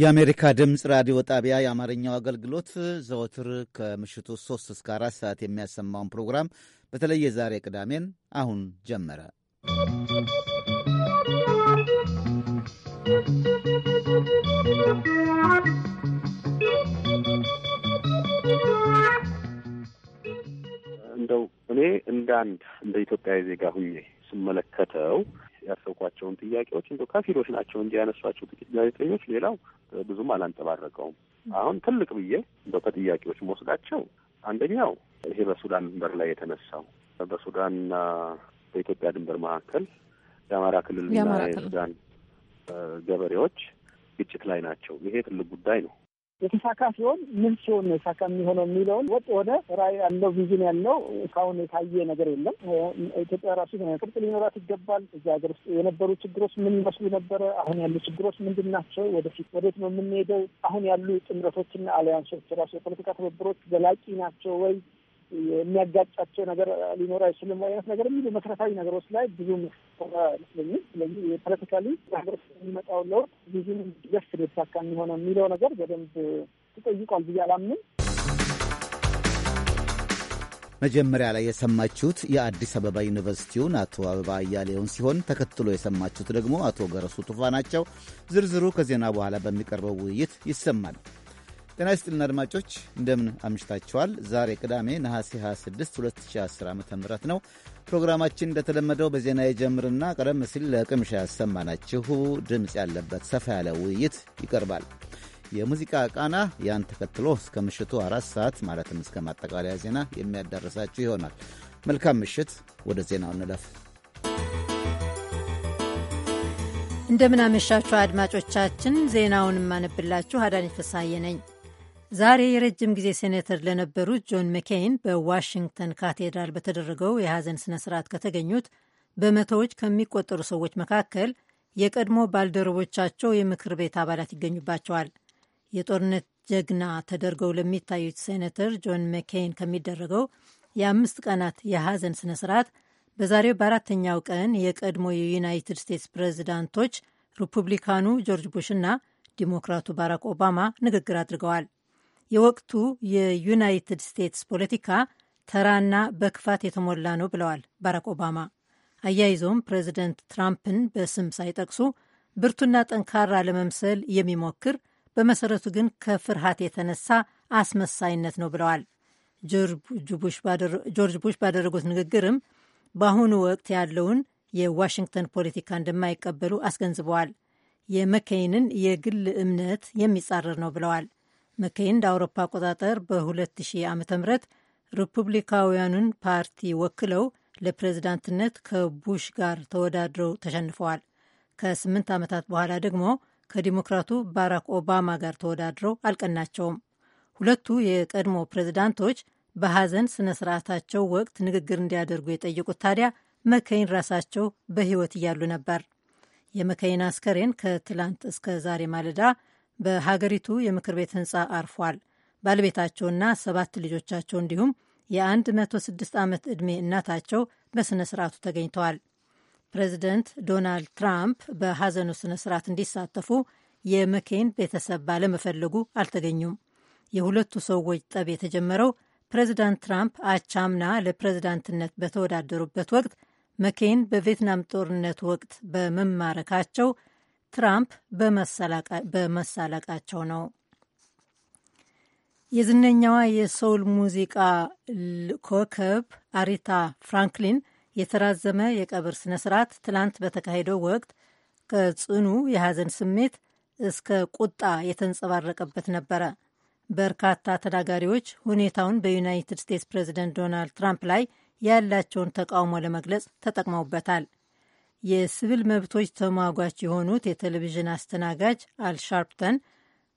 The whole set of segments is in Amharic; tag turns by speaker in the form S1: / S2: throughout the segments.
S1: የአሜሪካ ድምፅ ራዲዮ ጣቢያ የአማርኛው አገልግሎት ዘወትር ከምሽቱ 3 እስከ 4 ሰዓት የሚያሰማውን ፕሮግራም በተለይ የዛሬ ቅዳሜን አሁን ጀመረ።
S2: እንደው እኔ እንደ አንድ እንደ ኢትዮጵያዊ ዜጋ ሁኜ ስመለከተው ያሰብኳቸውን ጥያቄዎች እንደ ከፊሎች ናቸው እንጂ ያነሷቸው ጥቂት ጋዜጠኞች፣ ሌላው ብዙም አላንጸባረቀውም። አሁን ትልቅ ብዬ እንደ ከጥያቄዎች መወስዳቸው አንደኛው ይሄ በሱዳን ድንበር ላይ የተነሳው በሱዳንና በኢትዮጵያ ድንበር መካከል የአማራ ክልልና የሱዳን ገበሬዎች ግጭት ላይ ናቸው። ይሄ ትልቅ ጉዳይ ነው።
S3: የተሳካ ሲሆን ምን ሲሆን ነው የተሳካ የሚሆነው የሚለውን ወጥ የሆነ ራዕይ ያለው ቪዥን ያለው እስካሁን የታየ ነገር የለም። ኢትዮጵያ ራሱ ቅርጽ ሊኖራት ይገባል። እዚህ ሀገር ውስጥ የነበሩ ችግሮች ምን ይመስሉ ነበረ? አሁን ያሉ ችግሮች ምንድን ናቸው? ወደፊት ወዴት ነው የምንሄደው? አሁን ያሉ ጥምረቶችና አሊያንሶች ራሱ የፖለቲካ ትብብሮች ዘላቂ ናቸው ወይ የሚያጋጫቸው ነገር ሊኖር አይችልም አይነት ነገር የሚሉ መሰረታዊ ነገሮች ላይ ብዙ ሆነ አይመስለኝም። ስለዚህ የፖለቲካሊ ሀገር የሚመጣው ለውጥ ብዙ ደስ የተሳካ የሚሆነ የሚለው ነገር በደንብ ተጠይቋል ብዬ አላምንም።
S1: መጀመሪያ ላይ የሰማችሁት የአዲስ አበባ ዩኒቨርሲቲውን አቶ አበባ አያሌውን ሲሆን ተከትሎ የሰማችሁት ደግሞ አቶ ገረሱ ቱፋ ናቸው። ዝርዝሩ ከዜና በኋላ በሚቀርበው ውይይት ይሰማል። ጤና ይስጥልን አድማጮች እንደምን አምሽታችኋል። ዛሬ ቅዳሜ ነሐሴ 26 2010 ዓ ም ነው። ፕሮግራማችን እንደተለመደው በዜና የጀምርና ቀደም ሲል ለቅምሻ ያሰማናችሁ ድምፅ ያለበት ሰፋ ያለ ውይይት ይቀርባል። የሙዚቃ ቃና ያን ተከትሎ እስከ ምሽቱ አራት ሰዓት ማለትም እስከ ማጠቃለያ ዜና የሚያዳረሳችሁ ይሆናል። መልካም ምሽት። ወደ ዜናው እንለፍ።
S4: እንደምናመሻችሁ አድማጮቻችን፣ ዜናውን የማነብላችሁ አዳነች ተሳየ ነኝ። ዛሬ የረጅም ጊዜ ሴኔተር ለነበሩት ጆን መኬይን በዋሽንግተን ካቴድራል በተደረገው የሐዘን ስነ ስርዓት ከተገኙት በመቶዎች ከሚቆጠሩ ሰዎች መካከል የቀድሞ ባልደረቦቻቸው የምክር ቤት አባላት ይገኙባቸዋል። የጦርነት ጀግና ተደርገው ለሚታዩት ሴኔተር ጆን መኬይን ከሚደረገው የአምስት ቀናት የሐዘን ስነ ስርዓት በዛሬው በአራተኛው ቀን የቀድሞ የዩናይትድ ስቴትስ ፕሬዚዳንቶች ሪፑብሊካኑ ጆርጅ ቡሽ እና ዲሞክራቱ ባራክ ኦባማ ንግግር አድርገዋል። የወቅቱ የዩናይትድ ስቴትስ ፖለቲካ ተራና በክፋት የተሞላ ነው ብለዋል ባራክ ኦባማ። አያይዞም ፕሬዚደንት ትራምፕን በስም ሳይጠቅሱ ብርቱና ጠንካራ ለመምሰል የሚሞክር በመሰረቱ ግን ከፍርሃት የተነሳ አስመሳይነት ነው ብለዋል። ጆርጅ ቡሽ ባደረጉት ንግግርም በአሁኑ ወቅት ያለውን የዋሽንግተን ፖለቲካ እንደማይቀበሉ አስገንዝበዋል። የመኬይንን የግል እምነት የሚጻረር ነው ብለዋል። መኬይን እንደ አውሮፓ አቆጣጠር በ2000 ዓ ም ሪፑብሊካውያኑን ፓርቲ ወክለው ለፕሬዝዳንትነት ከቡሽ ጋር ተወዳድረው ተሸንፈዋል። ከስምንት ዓመታት በኋላ ደግሞ ከዲሞክራቱ ባራክ ኦባማ ጋር ተወዳድረው አልቀናቸውም። ሁለቱ የቀድሞ ፕሬዝዳንቶች በሐዘን ስነ ስርዓታቸው ወቅት ንግግር እንዲያደርጉ የጠየቁት ታዲያ መከይን ራሳቸው በሕይወት እያሉ ነበር። የመከይን አስከሬን ከትላንት እስከ ዛሬ ማለዳ በሀገሪቱ የምክር ቤት ህንፃ አርፏል። ባለቤታቸውና ሰባት ልጆቻቸው እንዲሁም የ106 ዓመት ዕድሜ እናታቸው በሥነ ሥርዓቱ ተገኝተዋል። ፕሬዚደንት ዶናልድ ትራምፕ በሐዘኑ ሥነ ሥርዓት እንዲሳተፉ የመኬን ቤተሰብ ባለመፈለጉ አልተገኙም። የሁለቱ ሰዎች ጠብ የተጀመረው ፕሬዚዳንት ትራምፕ አቻምና ለፕሬዚዳንትነት በተወዳደሩበት ወቅት መኬን በቪየትናም ጦርነት ወቅት በመማረካቸው ትራምፕ በመሳለቃቸው ነው። የዝነኛዋ የሶል ሙዚቃ ኮከብ አሪታ ፍራንክሊን የተራዘመ የቀብር ስነ ስርዓት ትላንት በተካሄደው ወቅት ከጽኑ የሐዘን ስሜት እስከ ቁጣ የተንጸባረቀበት ነበረ። በርካታ ተናጋሪዎች ሁኔታውን በዩናይትድ ስቴትስ ፕሬዚደንት ዶናልድ ትራምፕ ላይ ያላቸውን ተቃውሞ ለመግለጽ ተጠቅመውበታል። የሲቪል መብቶች ተሟጓች የሆኑት የቴሌቪዥን አስተናጋጅ አልሻርፕተን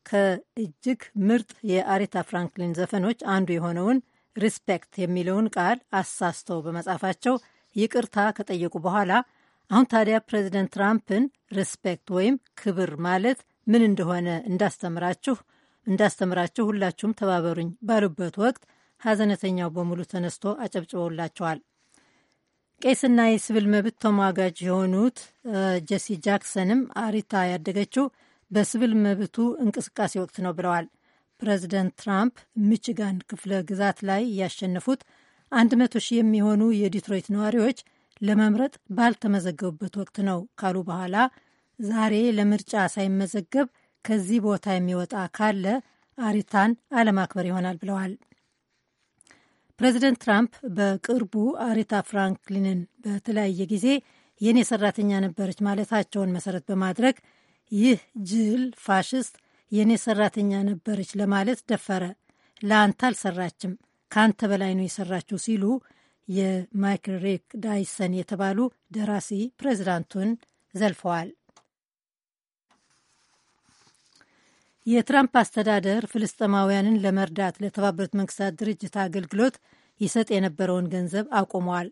S4: ከእጅግ ምርጥ የአሬታ ፍራንክሊን ዘፈኖች አንዱ የሆነውን ሪስፔክት የሚለውን ቃል አሳስተው በመጻፋቸው ይቅርታ ከጠየቁ በኋላ አሁን ታዲያ ፕሬዚደንት ትራምፕን ሪስፔክት ወይም ክብር ማለት ምን እንደሆነ እንዳስተምራችሁ እንዳስተምራችሁ ሁላችሁም ተባበሩኝ ባሉበት ወቅት ሀዘነተኛው በሙሉ ተነስቶ አጨብጭበውላቸዋል። ቄስና የሲቪል መብት ተሟጋጅ የሆኑት ጄሲ ጃክሰንም አሪታ ያደገችው በሲቪል መብቱ እንቅስቃሴ ወቅት ነው ብለዋል። ፕሬዚደንት ትራምፕ ሚችጋን ክፍለ ግዛት ላይ ያሸነፉት 100 ሺህ የሚሆኑ የዲትሮይት ነዋሪዎች ለመምረጥ ባልተመዘገቡበት ወቅት ነው ካሉ በኋላ ዛሬ ለምርጫ ሳይመዘገብ ከዚህ ቦታ የሚወጣ ካለ አሪታን አለማክበር ይሆናል ብለዋል። ፕሬዚደንት ትራምፕ በቅርቡ አሬታ ፍራንክሊንን በተለያየ ጊዜ የእኔ ሰራተኛ ነበረች ማለታቸውን መሰረት በማድረግ ይህ ጅል ፋሽስት የእኔ ሰራተኛ ነበረች ለማለት ደፈረ፣ ለአንተ አልሰራችም፣ ከአንተ በላይ ነው የሰራችው ሲሉ የማይክል ሬክ ዳይሰን የተባሉ ደራሲ ፕሬዚዳንቱን ዘልፈዋል። የትራምፕ አስተዳደር ፍልስጥማውያንን ለመርዳት ለተባበሩት መንግስታት ድርጅት አገልግሎት ይሰጥ የነበረውን ገንዘብ አቁመዋል።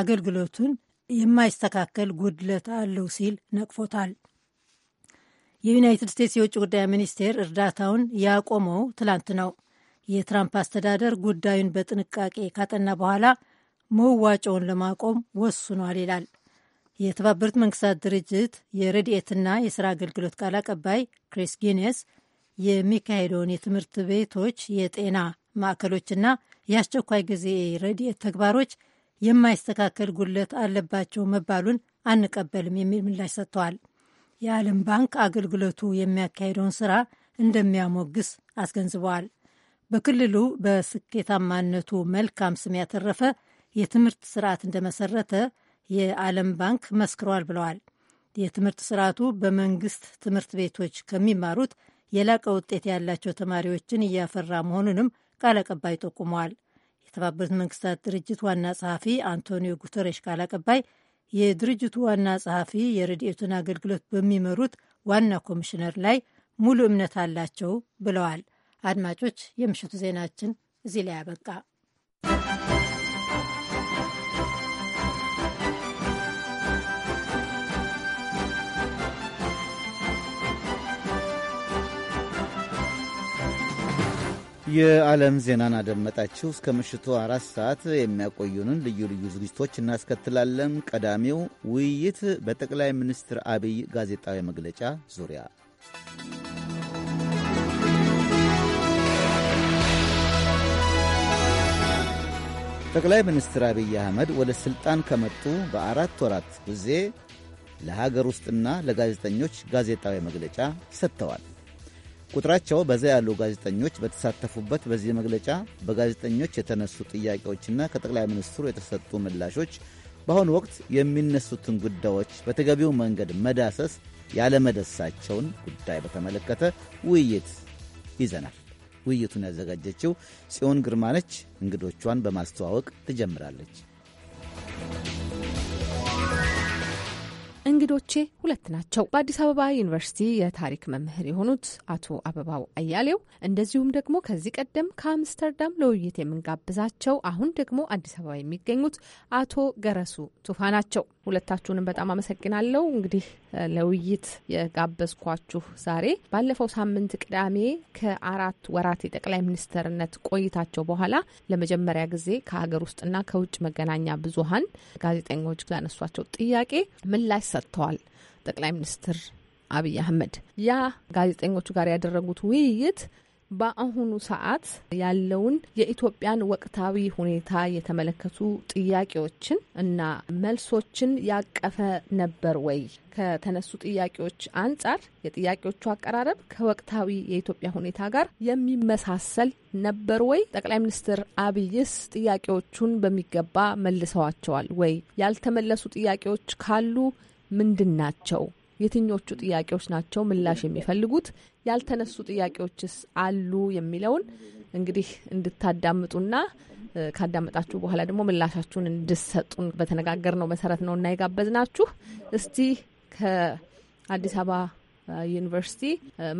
S4: አገልግሎቱን የማይስተካከል ጉድለት አለው ሲል ነቅፎታል። የዩናይትድ ስቴትስ የውጭ ጉዳይ ሚኒስቴር እርዳታውን ያቆመው ትላንት ነው። የትራምፕ አስተዳደር ጉዳዩን በጥንቃቄ ካጠና በኋላ መዋጮውን ለማቆም ወስኗል ይላል። የተባበሩት መንግስታት ድርጅት የረድኤትና የሥራ አገልግሎት ቃል አቀባይ ክሪስ ጊኔስ የሚካሄደውን የትምህርት ቤቶች፣ የጤና ማዕከሎችና የአስቸኳይ ጊዜ ረድኤት ተግባሮች የማይስተካከል ጉድለት አለባቸው መባሉን አንቀበልም የሚል ምላሽ ሰጥተዋል። የዓለም ባንክ አገልግሎቱ የሚያካሄደውን ስራ እንደሚያሞግስ አስገንዝበዋል። በክልሉ በስኬታማነቱ መልካም ስም ያተረፈ የትምህርት ስርዓት እንደመሰረተ የዓለም ባንክ መስክሯል ብለዋል። የትምህርት ስርዓቱ በመንግስት ትምህርት ቤቶች ከሚማሩት የላቀ ውጤት ያላቸው ተማሪዎችን እያፈራ መሆኑንም ቃል አቀባይ ጠቁመዋል። የተባበሩት መንግስታት ድርጅት ዋና ጸሐፊ አንቶኒዮ ጉተሬሽ ቃል አቀባይ የድርጅቱ ዋና ጸሐፊ የረድኤቱን አገልግሎት በሚመሩት ዋና ኮሚሽነር ላይ ሙሉ እምነት አላቸው ብለዋል። አድማጮች፣ የምሽቱ ዜናችን እዚህ ላይ ያበቃ።
S1: የዓለም ዜናን አደመጣችሁ። እስከ ምሽቱ አራት ሰዓት የሚያቆዩንን ልዩ ልዩ ዝግጅቶች እናስከትላለን። ቀዳሚው ውይይት በጠቅላይ ሚኒስትር አብይ ጋዜጣዊ መግለጫ ዙሪያ ጠቅላይ ሚኒስትር አብይ አህመድ ወደ ሥልጣን ከመጡ በአራት ወራት ጊዜ ለሀገር ውስጥና ለጋዜጠኞች ጋዜጣዊ መግለጫ ሰጥተዋል። ቁጥራቸው በዛ ያሉ ጋዜጠኞች በተሳተፉበት በዚህ መግለጫ በጋዜጠኞች የተነሱ ጥያቄዎችና ከጠቅላይ ሚኒስትሩ የተሰጡ ምላሾች በአሁኑ ወቅት የሚነሱትን ጉዳዮች በተገቢው መንገድ መዳሰስ ያለመደሳቸውን ጉዳይ በተመለከተ ውይይት ይዘናል። ውይይቱን ያዘጋጀችው ጽዮን ግርማነች እንግዶቿን በማስተዋወቅ ትጀምራለች።
S5: እንግዶቼ ሁለት ናቸው። በአዲስ አበባ ዩኒቨርሲቲ የታሪክ መምህር የሆኑት አቶ አበባው አያሌው እንደዚሁም ደግሞ ከዚህ ቀደም ከአምስተርዳም ለውይይት የምንጋብዛቸው አሁን ደግሞ አዲስ አበባ የሚገኙት አቶ ገረሱ ቱፋ ናቸው። ሁለታችሁንም በጣም አመሰግናለሁ። እንግዲህ ለውይይት የጋበዝኳችሁ ዛሬ ባለፈው ሳምንት ቅዳሜ ከአራት ወራት የጠቅላይ ሚኒስትርነት ቆይታቸው በኋላ ለመጀመሪያ ጊዜ ከሀገር ውስጥና ከውጭ መገናኛ ብዙኃን ጋዜጠኞች ላነሷቸው ጥያቄ ምላሽ ሰጥተዋል ጠቅላይ ሚኒስትር አብይ አህመድ ያ ጋዜጠኞቹ ጋር ያደረጉት ውይይት በአሁኑ ሰዓት ያለውን የኢትዮጵያን ወቅታዊ ሁኔታ የተመለከቱ ጥያቄዎችን እና መልሶችን ያቀፈ ነበር ወይ? ከተነሱ ጥያቄዎች አንጻር የጥያቄዎቹ አቀራረብ ከወቅታዊ የኢትዮጵያ ሁኔታ ጋር የሚመሳሰል ነበር ወይ? ጠቅላይ ሚኒስትር አብይስ ጥያቄዎቹን በሚገባ መልሰዋቸዋል ወይ? ያልተመለሱ ጥያቄዎች ካሉ ምንድን ናቸው? የትኞቹ ጥያቄዎች ናቸው ምላሽ የሚፈልጉት? ያልተነሱ ጥያቄዎችስ አሉ የሚለውን እንግዲህ እንድታዳምጡና ካዳመጣችሁ በኋላ ደግሞ ምላሻችሁን እንድሰጡን ነው መሰረት ነው እና የጋበዝናችሁ። እስቲ ከአዲስ አበባ ዩኒቨርሲቲ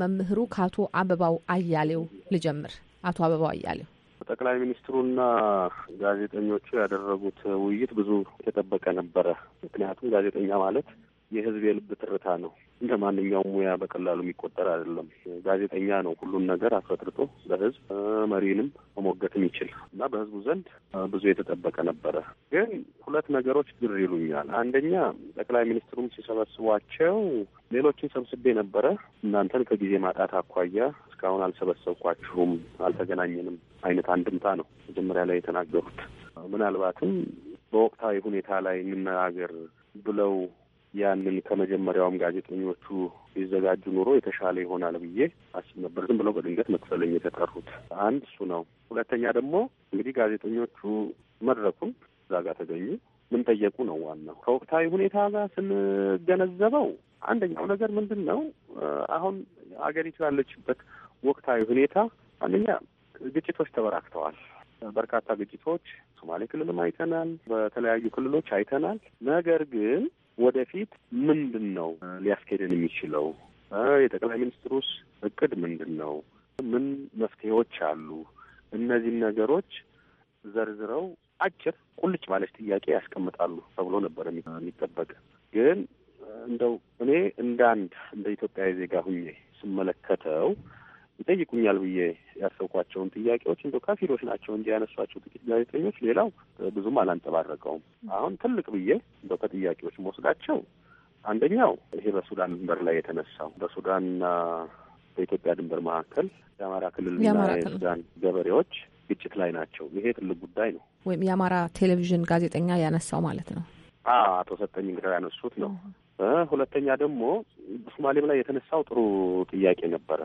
S5: መምህሩ ከአቶ አበባው አያሌው ልጀምር። አቶ አበባው አያሌው
S2: ጠቅላይ ሚኒስትሩና ጋዜጠኞቹ ያደረጉት ውይይት ብዙ የተጠበቀ ነበረ። ምክንያቱም ጋዜጠኛ ማለት የህዝብ የልብ ትርታ ነው። እንደ ማንኛውም ሙያ በቀላሉ የሚቆጠር አይደለም። ጋዜጠኛ ነው ሁሉን ነገር አፈጥርጦ ለህዝብ መሪንም መሞገትም ይችል እና በህዝቡ ዘንድ ብዙ የተጠበቀ ነበረ። ግን ሁለት ነገሮች ግር ይሉኛል። አንደኛ ጠቅላይ ሚኒስትሩም ሲሰበስቧቸው ሌሎችን ሰብስቤ ነበረ። እናንተን ከጊዜ ማጣት አኳያ እስካሁን አልሰበሰብኳችሁም፣ አልተገናኘንም አይነት አንድምታ ነው መጀመሪያ ላይ የተናገሩት። ምናልባትም በወቅታዊ ሁኔታ ላይ እንነጋገር ብለው ያንን ከመጀመሪያውም ጋዜጠኞቹ ሊዘጋጁ ኑሮ የተሻለ ይሆናል ብዬ አስብ ነበር። ዝም ብለው በድንገት መክፈለኝ የተጠሩት አንድ እሱ ነው። ሁለተኛ ደግሞ እንግዲህ ጋዜጠኞቹ መድረኩን እዛ ጋር ተገኙ። ምን ጠየቁ ነው ዋናው። ከወቅታዊ ሁኔታ ጋር ስንገነዘበው አንደኛው ነገር ምንድን ነው አሁን አገሪቱ ያለችበት ወቅታዊ ሁኔታ አንደኛ ግጭቶች ተበራክተዋል። በርካታ ግጭቶች ሶማሌ ክልልም አይተናል፣ በተለያዩ ክልሎች አይተናል። ነገር ግን ወደፊት ምንድን ነው ሊያስኬድን የሚችለው? የጠቅላይ ሚኒስትሩስ እቅድ ምንድን ነው? ምን መፍትሄዎች አሉ? እነዚህን ነገሮች ዘርዝረው አጭር ቁልጭ ባለች ጥያቄ ያስቀምጣሉ ተብሎ ነበር የሚጠበቅ። ግን እንደው እኔ እንደ አንድ እንደ ኢትዮጵያዊ ዜጋ ሁኜ ስመለከተው ይጠይቁኛል ብዬ ያሰብኳቸውን ጥያቄዎች እንደ ከፊሎች ናቸው እንጂ ያነሷቸው ጥቂት ጋዜጠኞች፣ ሌላው ብዙም አላንጸባረቀውም። አሁን ትልቅ ብዬ እንደ ከጥያቄዎች መወስዳቸው አንደኛው ይሄ በሱዳን ድንበር ላይ የተነሳው በሱዳንና በኢትዮጵያ ድንበር መካከል የአማራ ክልልና የሱዳን ገበሬዎች ግጭት ላይ ናቸው። ይሄ ትልቅ ጉዳይ ነው።
S5: ወይም የአማራ ቴሌቪዥን ጋዜጠኛ ያነሳው ማለት ነው።
S2: አቶ ሰጠኝ እንግዳ ያነሱት ነው። ሁለተኛ ደግሞ በሶማሌም ላይ የተነሳው ጥሩ ጥያቄ ነበረ።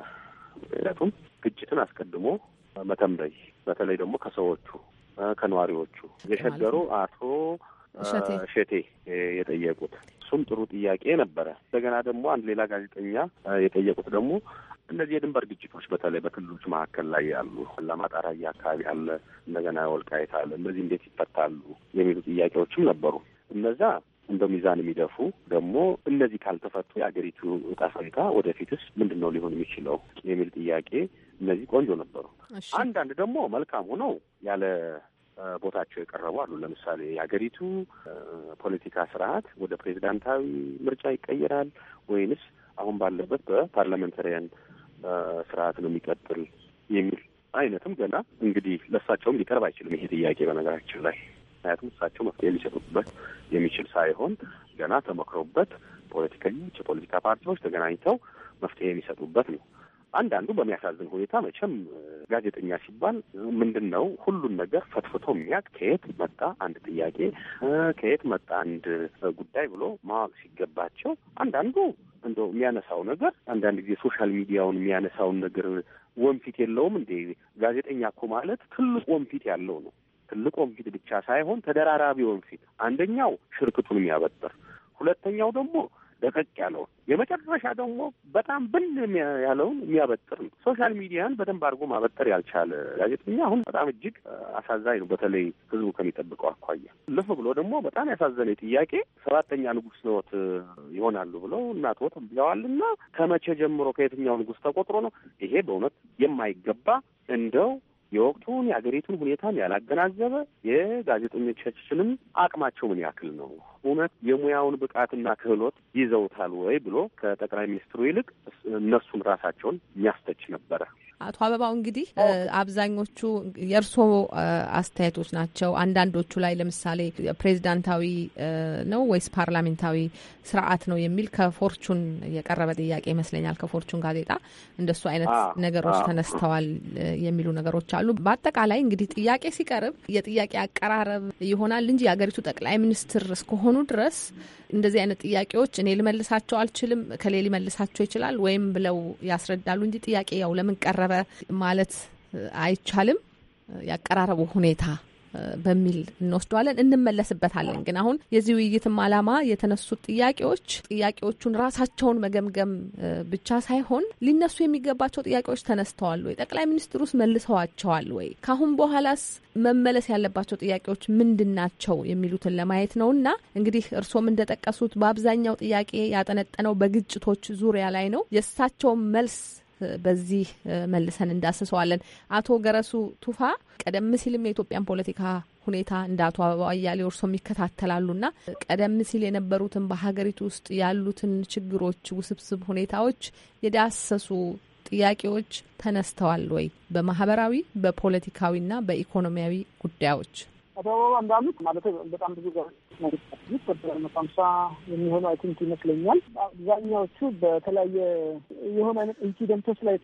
S2: ምክንያቱም ግጭትን አስቀድሞ መተምረይ በተለይ ደግሞ ከሰዎቹ ከነዋሪዎቹ የሸገሩ አቶ ሸቴ የጠየቁት እሱም ጥሩ ጥያቄ ነበረ። እንደገና ደግሞ አንድ ሌላ ጋዜጠኛ የጠየቁት ደግሞ እነዚህ የድንበር ግጭቶች በተለይ በክልሎች መካከል ላይ ያሉ አላማጣ፣ አካባቢ አለ፣ እንደገና ወልቃይት አለ፣ እነዚህ እንዴት ይፈታሉ የሚሉ ጥያቄዎችም ነበሩ። እነዛ እንደ ሚዛን የሚደፉ ደግሞ እነዚህ ካልተፈቱ የአገሪቱ እጣ ፈንታ ወደፊትስ ምንድን ነው ሊሆን የሚችለው የሚል ጥያቄ እነዚህ ቆንጆ ነበሩ። አንዳንድ ደግሞ መልካም ሆነው ያለ ቦታቸው የቀረቡ አሉ። ለምሳሌ የሀገሪቱ ፖለቲካ ስርዓት ወደ ፕሬዚዳንታዊ ምርጫ ይቀየራል ወይንስ አሁን ባለበት በፓርላመንታሪያን ስርዓት ነው የሚቀጥል የሚል አይነትም ገና እንግዲህ ለእሳቸውም ሊቀርብ አይችልም ይሄ ጥያቄ በነገራችን ላይ ምክንያቱም እሳቸው መፍትሄ ሊሰጡበት የሚችል ሳይሆን ገና ተመክሮበት ፖለቲከኞች፣ የፖለቲካ ፓርቲዎች ተገናኝተው መፍትሄ የሚሰጡበት ነው። አንዳንዱ በሚያሳዝን ሁኔታ መቼም ጋዜጠኛ ሲባል ምንድን ነው ሁሉን ነገር ፈትፍቶ የሚያውቅ ከየት መጣ አንድ ጥያቄ ከየት መጣ አንድ ጉዳይ ብሎ ማወቅ ሲገባቸው አንዳንዱ እንደ የሚያነሳው ነገር አንዳንድ ጊዜ ሶሻል ሚዲያውን የሚያነሳውን ነገር ወንፊት የለውም እንዴ? ጋዜጠኛ እኮ ማለት ትልቅ ወንፊት ያለው ነው። ትልቅ ወንፊት ብቻ ሳይሆን ተደራራቢ ወንፊት፣ አንደኛው ሽርክቱን የሚያበጥር ሁለተኛው ደግሞ ደቀቅ ያለውን የመጨረሻ ደግሞ በጣም ብል ያለውን የሚያበጥር ነው። ሶሻል ሚዲያን በደንብ አድርጎ ማበጠር ያልቻለ ጋዜጠኛ አሁን በጣም እጅግ አሳዛኝ ነው። በተለይ ህዝቡ ከሚጠብቀው አኳያ ልፍ ብሎ ደግሞ በጣም ያሳዘነ ጥያቄ ሰባተኛ ንጉስ ነዎት ይሆናሉ ብለው እናት ወት ብለዋል ከመቼ ጀምሮ ከየትኛው ንጉስ ተቆጥሮ ነው? ይሄ በእውነት የማይገባ እንደው የወቅቱን የአገሪቱን ሁኔታን ያላገናዘበ የጋዜጠኞቻችንም አቅማቸው ምን ያክል ነው፣ እውነት የሙያውን ብቃትና ክህሎት ይዘውታል ወይ ብሎ ከጠቅላይ ሚኒስትሩ ይልቅ እነሱም ራሳቸውን የሚያስተች ነበረ።
S5: አቶ አበባው እንግዲህ አብዛኞቹ የእርስዎ አስተያየቶች ናቸው። አንዳንዶቹ ላይ ለምሳሌ ፕሬዚዳንታዊ ነው ወይስ ፓርላሜንታዊ ስርዓት ነው የሚል ከፎርቹን የቀረበ ጥያቄ ይመስለኛል። ከፎርቹን ጋዜጣ እንደሱ አይነት ነገሮች ተነስተዋል የሚሉ ነገሮች አሉ። በአጠቃላይ እንግዲህ ጥያቄ ሲቀርብ የጥያቄ አቀራረብ ይሆናል እንጂ የሀገሪቱ ጠቅላይ ሚኒስትር እስከሆኑ ድረስ እንደዚህ አይነት ጥያቄዎች እኔ ልመልሳቸው አልችልም፣ ከሌ ሊመልሳቸው ይችላል ወይም ብለው ያስረዳሉ እንጂ ጥያቄ ያው ለምን ቀረበ ማለት አይቻልም። ያቀራረቡ ሁኔታ በሚል እንወስደዋለን። እንመለስበታለን። ግን አሁን የዚህ ውይይትም ዓላማ የተነሱት ጥያቄዎች ጥያቄዎቹን ራሳቸውን መገምገም ብቻ ሳይሆን ሊነሱ የሚገባቸው ጥያቄዎች ተነስተዋል ወይ? ጠቅላይ ሚኒስትሩስ መልሰዋቸዋል ወይ? ከአሁን በኋላስ መመለስ ያለባቸው ጥያቄዎች ምንድን ናቸው የሚሉትን ለማየት ነው እና እንግዲህ እርስዎም እንደጠቀሱት በአብዛኛው ጥያቄ ያጠነጠነው በግጭቶች ዙሪያ ላይ ነው። የእሳቸውን መልስ በዚህ መልሰን እንዳስሰዋለን። አቶ ገረሱ ቱፋ ቀደም ሲልም የኢትዮጵያን ፖለቲካ ሁኔታ እንደ አቶ አበባ አያሌው እርስዎም ይከታተላሉና ቀደም ሲል የነበሩትን በሀገሪቱ ውስጥ ያሉትን ችግሮች፣ ውስብስብ ሁኔታዎች የዳሰሱ ጥያቄዎች ተነስተዋል ወይ? በማህበራዊ በፖለቲካዊና በኢኮኖሚያዊ ጉዳዮች
S3: አቶ አበባ እንዳሉት ማለት በጣም ብዙ ወደ መቶ ሀምሳ የሚሆኑ አይ ይመስለኛል። አብዛኛዎቹ በተለያየ የሆነ አይነት ኢንሲደንቶች ላይ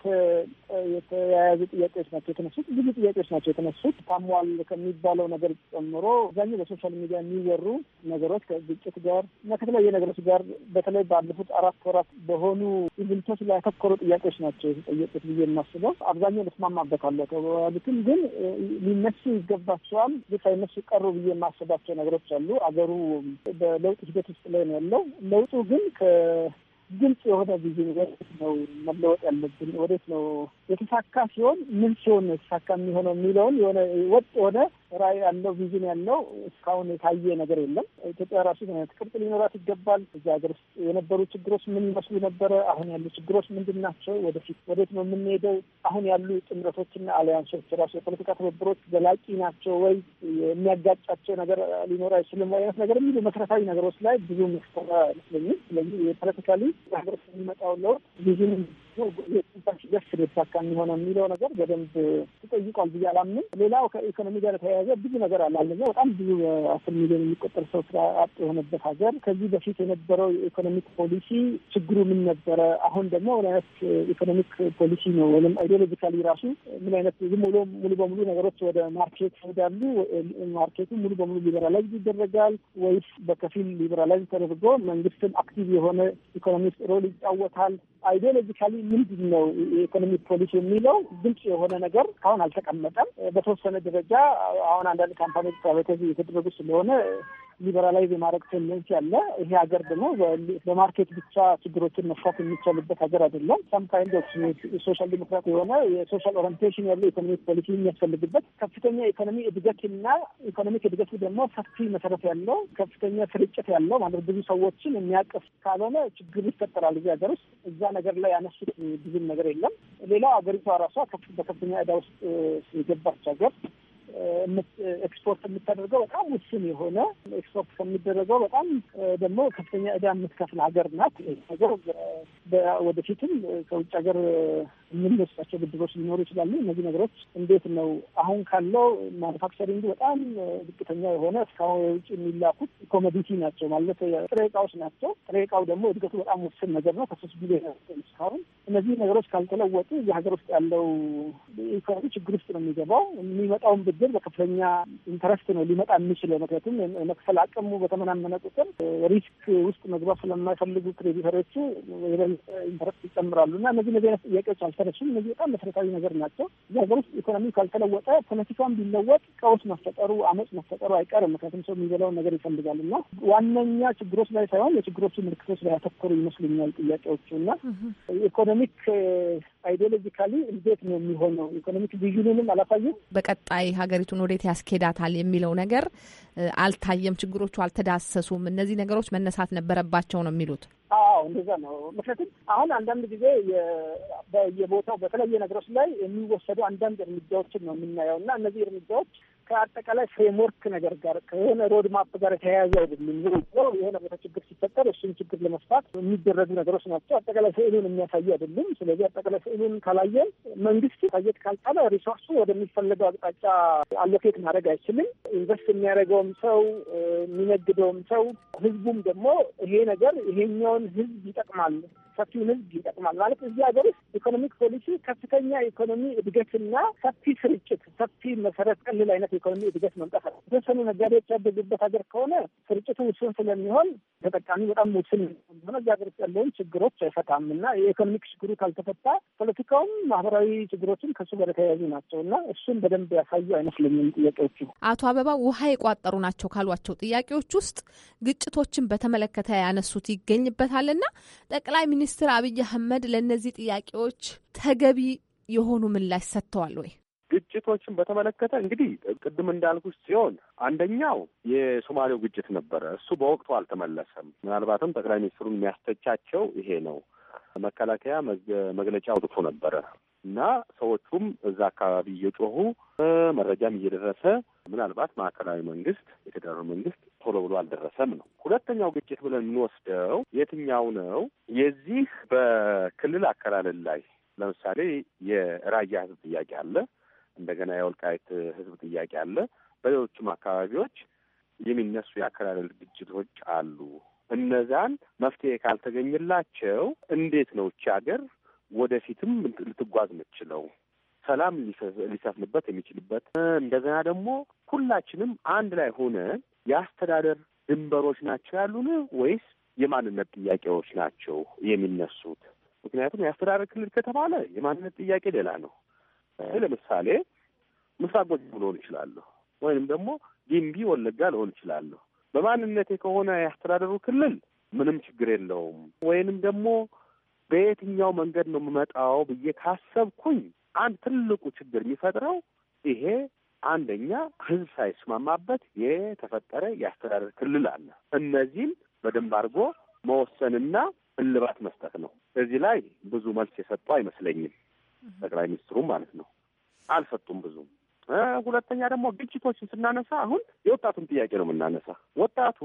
S3: የተያያዙ ጥያቄዎች ናቸው የተነሱት። ብዙ ጥያቄዎች ናቸው የተነሱት። ታሟል ከሚባለው ነገር ጨምሮ አብዛኛው በሶሻል ሚዲያ የሚወሩ ነገሮች ከግጭት ጋር እና ከተለያየ ነገሮች ጋር በተለይ ባለፉት አራት ወራት በሆኑ ኢቨንቶች ላይ ያተኮሩ ጥያቄዎች ናቸው የተጠየቁት ብዬ የማስበው አብዛኛው ልስማማበታለሁ። ተወያሉትም ግን ሊነሱ ይገባቸዋል፣ ግን ሳይነሱ ቀሩ ብዬ የማስባቸው ነገሮች አሉ። ሀገሩ በለውጥ ሂደት ውስጥ ላይ ነው ያለው። ለውጡ ግን ከግልጽ የሆነ ቪዥን ወዴት ነው መለወጥ ያለብን፣ ወዴት ነው የተሳካ ሲሆን ምን ሲሆን ነው የተሳካ የሚሆነው የሚለውን የሆነ ወጥ የሆነ ራዕይ ያለው ቪዥን ያለው እስካሁን የታየ ነገር የለም። ኢትዮጵያ ራሱ አይነት ቅርጽ ሊኖራት ይገባል። እዚ ሀገር ውስጥ የነበሩ ችግሮች ምን ይመስሉ ነበረ? አሁን ያሉ ችግሮች ምንድን ናቸው? ወደፊት ወዴት ነው የምንሄደው? አሁን ያሉ ጥምረቶችና አሊያንሶች ራሱ የፖለቲካ ትብብሮች ዘላቂ ናቸው ወይ? የሚያጋጫቸው ነገር ሊኖር አይችልም አይነት ነገር የሚሉ መሰረታዊ ነገሮች ላይ ብዙ መስራ ይመስለኛል። ስለዚህ የፖለቲካሊ ሀገር ውስጥ የሚመጣው ለውጥ ቪዥን ደስ የተሳካ የሚሆነ የሚለው ነገር በደንብ ተጠይቋል ብዬ አላምንም። ሌላው ከኢኮኖሚ ጋር የተያያዘ ብዙ ነገር አለ። አንደኛ በጣም ብዙ አስር ሚሊዮን የሚቆጠር ሰው ስራ አጥ የሆነበት ሀገር ከዚህ በፊት የነበረው የኢኮኖሚክ ፖሊሲ ችግሩ ምን ነበረ? አሁን ደግሞ ምን አይነት ኢኮኖሚክ ፖሊሲ ነው ወይም አይዲዮሎጂካሊ ራሱ ምን አይነት ዝም ብሎ ሙሉ በሙሉ ነገሮች ወደ ማርኬት ይሄዳሉ? ማርኬቱ ሙሉ በሙሉ ሊበራላይዝ ይደረጋል ወይስ በከፊል ሊበራላይዝ ተደርጎ መንግስትም አክቲቭ የሆነ ኢኮኖሚክ ሮል ይጫወታል? አይዲዮሎጂካሊ ምንድን ነው የኢኮኖሚ ፖሊሲ የሚለው ግልጽ የሆነ ነገር እስካሁን አልተቀመጠም። በተወሰነ ደረጃ አሁን አንዳንድ ካምፓኒዎች ፕራይቬታይዝ እየተደረጉ ስለሆነ ሊበራላይዝ የማድረግ ቴንደንስ ያለ ይሄ ሀገር ደግሞ በማርኬት ብቻ ችግሮችን መፍታት የሚቻልበት ሀገር አይደለም። ሳምታይምስ ሶሻል ዲሞክራት የሆነ የሶሻል ኦሪንቴሽን ያለው ኢኮኖሚክ ፖሊሲ የሚያስፈልግበት ከፍተኛ ኢኮኖሚ እድገት እድገትና ኢኮኖሚክ እድገቱ ደግሞ ሰፊ መሰረት ያለው ከፍተኛ ስርጭት ያለው ማለት ብዙ ሰዎችን የሚያቅፍ ካልሆነ ችግር ይፈጠራል እዚህ ሀገር ውስጥ። እዛ ነገር ላይ ያነሱት ብዙም ነገር የለም። ሌላው ሀገሪቷ ራሷ በከፍተኛ ዕዳ ውስጥ የገባች ሀገር ኤክስፖርት የምታደርገው በጣም ውስን የሆነ ኤክስፖርት ከሚደረገው በጣም ደግሞ ከፍተኛ እዳ የምትከፍል ሀገር ናት። ነገር ወደፊትም ከውጭ ሀገር የምንወስዳቸው ብድሮች ሊኖሩ ይችላሉ። እነዚህ ነገሮች እንዴት ነው አሁን ካለው ማኑፋክቸሪንግ በጣም ዝቅተኛ የሆነ እስካሁን የውጭ የሚላኩት ኮሞዲቲ ናቸው ማለት ጥሬ እቃዎች ናቸው። ጥሬ እቃው ደግሞ እድገቱ በጣም ውስን ነገር ነው። ከሶስት ቢሊዮን እስካሁን እነዚህ ነገሮች ካልተለወጡ የሀገር ውስጥ ያለው ኢኮኖሚ ችግር ውስጥ ነው የሚገባው። የሚመጣውን ብድር በከፍተኛ ኢንተረስት ነው ሊመጣ የሚችለው። ምክንያቱም መክፈል አቅሙ በተመናመነ ቁጥር ሪስክ ውስጥ መግባት ስለማይፈልጉ ክሬዲተሮቹ ኢንተረስት ይጨምራሉ እና እነዚህ ነዚህ አይነት ጥያቄዎች አልተነሱም። እነዚህ በጣም መሰረታዊ ነገር ናቸው። እዚህ ሀገር ውስጥ ኢኮኖሚ ካልተለወጠ ፖለቲካም ቢለወጥ ቀውስ መፈጠሩ፣ አመፅ መፈጠሩ አይቀርም። ምክንያቱም ሰው የሚበላውን ነገር ይፈልጋል እና ዋነኛ ችግሮች ላይ ሳይሆን የችግሮቹ ምልክቶች ላይ ያተኮሩ ይመስሉኛል ጥያቄዎቹ እና ኢኮኖሚክ አይዲዮሎጂካሊ እንዴት ነው የሚሆነው? ኢኮኖሚክ ቪዥኑንም አላሳየም።
S5: በቀጣይ ሀገሪቱን ወዴት ያስኬዳታል የሚለው ነገር አልታየም። ችግሮቹ አልተዳሰሱም። እነዚህ ነገሮች መነሳት ነበረባቸው ነው የሚሉት።
S3: አዎ እንደዛ ነው። ምክንያቱም አሁን አንዳንድ ጊዜ በየቦታው በተለያየ ነገሮች ላይ የሚወሰዱ አንዳንድ እርምጃዎችን ነው የምናየው እና እነዚህ እርምጃዎች ከአጠቃላይ ፍሬምወርክ ነገር ጋር ከሆነ ሮድማፕ ጋር የተያያዘ አይደለም። ዞሮ የሆነ ቦታ ችግር ሲፈጠር እሱን ችግር ለመፍታት የሚደረጉ ነገሮች ናቸው። አጠቃላይ ስዕሉን የሚያሳይ አይደለም። ስለዚህ አጠቃላይ ስዕሉን ካላየን መንግስት ታየት ካልቻለ ሪሶርሱ ወደሚፈለገው አቅጣጫ አሎኬት ማድረግ አይችልም። ኢንቨስት የሚያደርገውም ሰው፣ የሚነግደውም ሰው፣ ህዝቡም ደግሞ ይሄ ነገር ይሄኛውን ህዝብ ይጠቅማል ሰፊውን ህዝብ ይጠቅማል ማለት እዚህ ሀገር ውስጥ ኢኮኖሚክ ፖሊሲ ከፍተኛ ኢኮኖሚ እድገትና ሰፊ ስርጭት፣ ሰፊ መሰረት ቀልል አይነት ኢኮኖሚ እድገት መምጣት አለ። የተወሰኑ ነጋዴዎች ያደጉበት ሀገር ከሆነ ስርጭቱ ውስን ስለሚሆን ተጠቃሚ በጣም ውስን ሆነ እዚህ ሀገር ውስጥ ያለውን ችግሮች አይፈታም እና የኢኮኖሚክ ችግሩ ካልተፈታ ፖለቲካውም ማህበራዊ ችግሮችም ከሱ ጋር የተያያዙ ናቸው እና እሱን በደንብ ያሳዩ አይመስለኝም ጥያቄዎቹ።
S5: አቶ አበባ ውሃ የቋጠሩ ናቸው ካሏቸው ጥያቄዎች ውስጥ ግጭቶችን በተመለከተ ያነሱት ይገኝበታልና ጠቅላይ ሚኒ ሚኒስትር አብይ አህመድ ለእነዚህ ጥያቄዎች ተገቢ የሆኑ ምላሽ ሰጥተዋል ወይ?
S2: ግጭቶችን በተመለከተ እንግዲህ ቅድም እንዳልኩሽ ሲሆን አንደኛው የሶማሌው ግጭት ነበረ። እሱ በወቅቱ አልተመለሰም። ምናልባትም ጠቅላይ ሚኒስትሩን የሚያስተቻቸው ይሄ ነው። መከላከያ መግለጫ አውጥቶ ነበረ እና ሰዎቹም እዛ አካባቢ እየጮሁ መረጃም እየደረሰ ምናልባት ማዕከላዊ መንግስት፣ የፌደራል መንግስት ቶሎ ብሎ አልደረሰም ነው። ሁለተኛው ግጭት ብለን የምንወስደው የትኛው ነው? የዚህ በክልል አከላለል ላይ ለምሳሌ የራያ ህዝብ ጥያቄ አለ፣ እንደገና የወልቃይት ህዝብ ጥያቄ አለ። በሌሎችም አካባቢዎች የሚነሱ የአከላለል ግጭቶች አሉ። እነዛን መፍትሄ ካልተገኘላቸው እንዴት ነው እቺ ሀገር ወደፊትም ልትጓዝ የምችለው? ሰላም ሊሰፍንበት የሚችልበት እንደገና ደግሞ ሁላችንም አንድ ላይ ሆነ የአስተዳደር ድንበሮች ናቸው ያሉን ወይስ የማንነት ጥያቄዎች ናቸው የሚነሱት? ምክንያቱም የአስተዳደር ክልል ከተባለ የማንነት ጥያቄ ሌላ ነው። ለምሳሌ ምስራቅ ጎጃም ልሆን እችላለሁ፣ ወይንም ደግሞ ጊምቢ ወለጋ ልሆን እችላለሁ። በማንነቴ ከሆነ የአስተዳደሩ ክልል ምንም ችግር የለውም። ወይንም ደግሞ በየትኛው መንገድ ነው የምመጣው ብዬ ካሰብኩኝ አንድ ትልቁ ችግር የሚፈጥረው ይሄ አንደኛ ህዝብ ሳይስማማበት የተፈጠረ የአስተዳደር ክልል አለ። እነዚህም በደንብ አድርጎ መወሰንና እልባት መስጠት ነው። እዚህ ላይ ብዙ መልስ የሰጡ አይመስለኝም፣ ጠቅላይ ሚኒስትሩም ማለት ነው። አልሰጡም ብዙም። ሁለተኛ ደግሞ ግጭቶችን ስናነሳ አሁን የወጣቱን ጥያቄ ነው የምናነሳ። ወጣቱ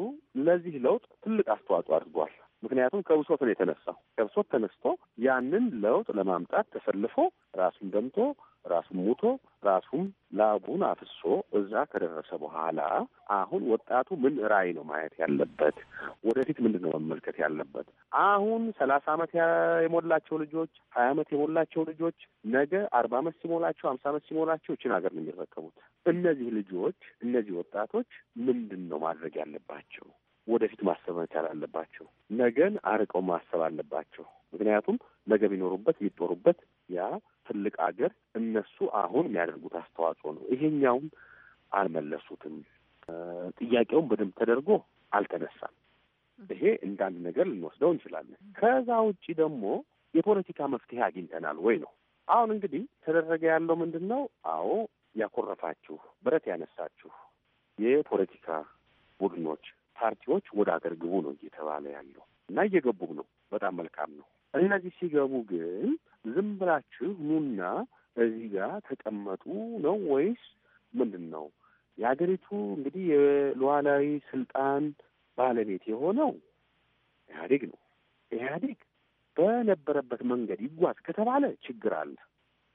S2: ለዚህ ለውጥ ትልቅ አስተዋጽኦ አድርጓል። ምክንያቱም ከብሶት ነው የተነሳው። ከብሶት ተነስቶ ያንን ለውጥ ለማምጣት ተሰልፎ ራሱን ደምቶ ራሱን ሙቶ ራሱም ላቡን አፍሶ እዛ ከደረሰ በኋላ አሁን ወጣቱ ምን ራዕይ ነው ማየት ያለበት? ወደፊት ምንድን ነው መመልከት ያለበት? አሁን ሰላሳ ዓመት የሞላቸው ልጆች፣ ሀያ አመት የሞላቸው ልጆች ነገ አርባ አመት ሲሞላቸው፣ ሀምሳ ዓመት ሲሞላቸው እችን ሀገር ነው የሚረከቡት። እነዚህ ልጆች እነዚህ ወጣቶች ምንድን ነው ማድረግ ያለባቸው? ወደፊት ማሰብ መቻል አለባቸው። ነገን አርቀው ማሰብ አለባቸው። ምክንያቱም ነገ ቢኖሩበት ቢጦሩበት ያ ትልቅ አገር እነሱ አሁን የሚያደርጉት አስተዋጽኦ ነው። ይሄኛውም አልመለሱትም። ጥያቄውም በደንብ ተደርጎ አልተነሳም። ይሄ እንደ አንድ ነገር ልንወስደው እንችላለን። ከዛ ውጪ ደግሞ የፖለቲካ መፍትሄ አግኝተናል ወይ ነው። አሁን እንግዲህ ተደረገ ያለው ምንድን ነው? አዎ ያኮረፋችሁ ብረት ያነሳችሁ የፖለቲካ ቡድኖች ፓርቲዎች ወደ ሀገር ግቡ ነው እየተባለ ያለው እና እየገቡም ነው። በጣም መልካም ነው። እነዚህ ሲገቡ ግን ዝም ብላችሁ ኑና እዚህ ጋር ተቀመጡ ነው ወይስ ምንድን ነው? የሀገሪቱ እንግዲህ የሉዓላዊ ስልጣን ባለቤት የሆነው ኢህአዴግ ነው። ኢህአዴግ በነበረበት መንገድ ይጓዝ ከተባለ ችግር አለ።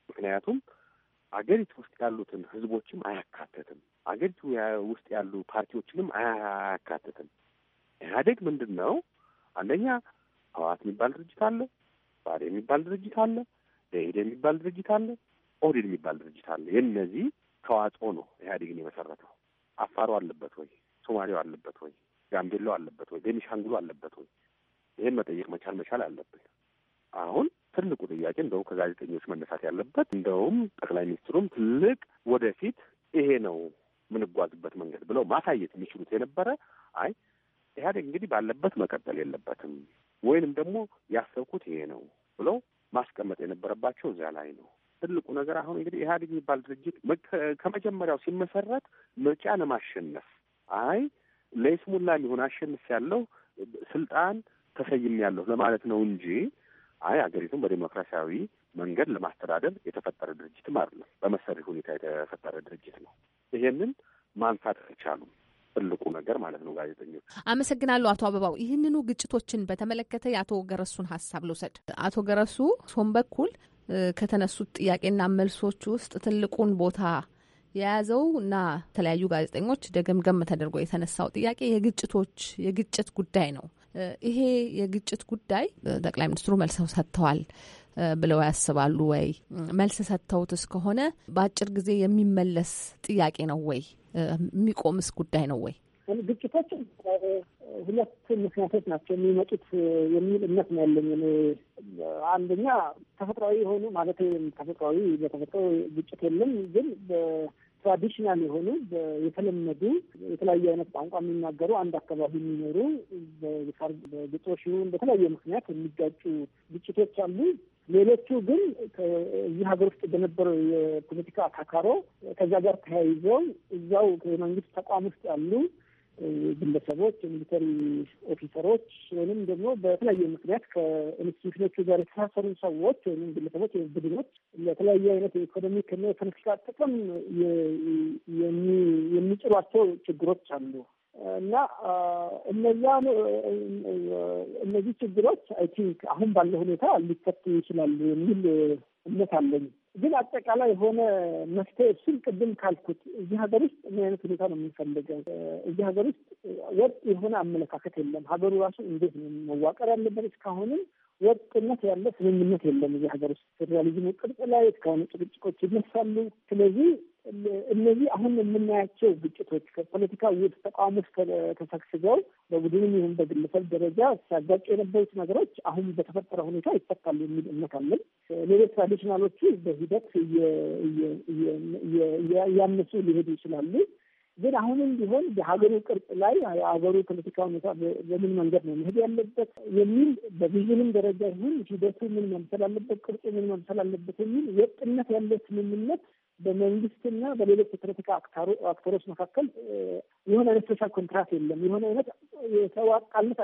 S2: ምክንያቱም አገሪቱ ውስጥ ያሉትን ህዝቦችም አያካተትም። አገሪቱ ውስጥ ያሉ ፓርቲዎችንም አያካትትም። ኢህአዴግ ምንድን ነው? አንደኛ ህወሓት የሚባል ድርጅት አለ፣ ብአዴን የሚባል ድርጅት አለ፣ ደኢህዴን የሚባል ድርጅት አለ፣ ኦህዴድ የሚባል ድርጅት አለ። የእነዚህ ተዋጽኦ ነው ኢህአዴግን የመሰረተው። አፋሩ አለበት ወይ? ሶማሌው አለበት ወይ? ጋምቤላው አለበት ወይ? ቤኒሻንጉሉ አለበት ወይ? ይህን መጠየቅ መቻል መቻል አለብን። አሁን ትልቁ ጥያቄ እንደውም ከጋዜጠኞች መነሳት ያለበት እንደውም ጠቅላይ ሚኒስትሩም ትልቅ ወደፊት ይሄ ነው የምንጓዝበት መንገድ ብለው ማሳየት የሚችሉት የነበረ አይ ኢህአዴግ እንግዲህ ባለበት መቀጠል የለበትም ወይንም ደግሞ ያሰብኩት ይሄ ነው ብለው ማስቀመጥ የነበረባቸው እዚያ ላይ ነው። ትልቁ ነገር አሁን እንግዲህ ኢህአዴግ የሚባል ድርጅት ከመጀመሪያው ሲመሰረት ምርጫ ለማሸነፍ አይ ለይስሙላ የሚሆን አሸንፍ ያለው ስልጣን ተሰይም ያለሁ ለማለት ነው እንጂ አይ አገሪቱን በዴሞክራሲያዊ መንገድ ለማስተዳደር የተፈጠረ ድርጅትም አይደለም። በመሰሪ ሁኔታ የተፈጠረ ድርጅት ነው። ይሄንን ማንሳት አይቻሉም። ትልቁ ነገር ማለት ነው። ጋዜጠኞች
S5: አመሰግናለሁ። አቶ አበባው ይህንኑ ግጭቶችን በተመለከተ የአቶ ገረሱን ሀሳብ ልውሰድ። አቶ ገረሱ ሶም በኩል ከተነሱት ጥያቄና መልሶች ውስጥ ትልቁን ቦታ የያዘው እና የተለያዩ ጋዜጠኞች ደገምገም ተደርጎ የተነሳው ጥያቄ የግጭቶች የግጭት ጉዳይ ነው። ይሄ የግጭት ጉዳይ ጠቅላይ ሚኒስትሩ መልሰው ሰጥተዋል። ብለው ያስባሉ ወይ? መልስ ሰጥተውት እስከሆነ በአጭር ጊዜ የሚመለስ ጥያቄ ነው ወይ? የሚቆምስ ጉዳይ ነው ወይ?
S3: ግጭቶች ሁለት ምክንያቶች ናቸው የሚመጡት የሚል እምነት ነው ያለኝ አንደኛ ተፈጥሯዊ የሆኑ ማለት ተፈጥሯዊ በተፈጥሮ ግጭት የለም ግን ትራዲሽናል የሆኑ የተለመዱ የተለያዩ አይነት ቋንቋ የሚናገሩ አንድ አካባቢ የሚኖሩ በግጦሽ ይሁን በተለያየ ምክንያት የሚጋጩ ግጭቶች አሉ። ሌሎቹ ግን እዚህ ሀገር ውስጥ በነበረው የፖለቲካ አካካሮ ከዛ ጋር ተያይዘው እዛው ከመንግስት ተቋም ውስጥ ያሉ ግለሰቦች፣ ሚሊተሪ ኦፊሰሮች ወይም ደግሞ በተለያየ ምክንያት ከኢንስቲቱሽኖቹ ጋር የተሳሰሩ ሰዎች ወይም ግለሰቦች ወይም ቡድኖች ለተለያየ አይነት የኢኮኖሚክ እና የፖለቲካ ጥቅም የሚጭሯቸው ችግሮች አሉ እና እነዛ እነዚህ ችግሮች አይ ቲንክ አሁን ባለው ሁኔታ ሊፈቱ ይችላሉ የሚል እምነት አለኝ። ግን አጠቃላይ የሆነ መፍትሄ እሱን ቅድም ካልኩት እዚህ ሀገር ውስጥ ምን አይነት ሁኔታ ነው የምንፈልገው? እዚህ ሀገር ውስጥ ወጥ የሆነ አመለካከት የለም። ሀገሩ ራሱ እንዴት ነው መዋቀር ያለበት? እስካሁንም ወጥነት ያለ ስምምነት የለም። እዚህ ሀገር ውስጥ ፌዴራሊዝሙ ቅርጽ ላይ እስካሁን ጭቅጭቆች ይነሳሉ። ስለዚህ እነዚህ አሁን የምናያቸው ግጭቶች ከፖለቲካ ውድ ተቋም ተሰክስበው ተሰግስገው በቡድንም ይሁን በግለሰብ ደረጃ ሲያጋጩ የነበሩት ነገሮች አሁን በተፈጠረ ሁኔታ ይፈታሉ የሚል እምነት አለን። ሌሎች ትራዲሽናሎቹ በሂደት እያነሱ ሊሄዱ ይችላሉ። ግን አሁንም ቢሆን የሀገሩ ቅርጽ ላይ የሀገሩ ፖለቲካ ሁኔታ በምን መንገድ ነው መሄድ ያለበት የሚል በቪዥንም ደረጃ ይሁን ሂደቱ ምን መምሰል አለበት፣ ቅርጹ ምን መምሰል አለበት የሚል ወጥነት ያለው ስምምነት በመንግስትና በሌሎች የፖለቲካ አክተሮች መካከል የሆነ አይነት ሶሻል ኮንትራት የለም። የሆነ አይነት የተዋጣለት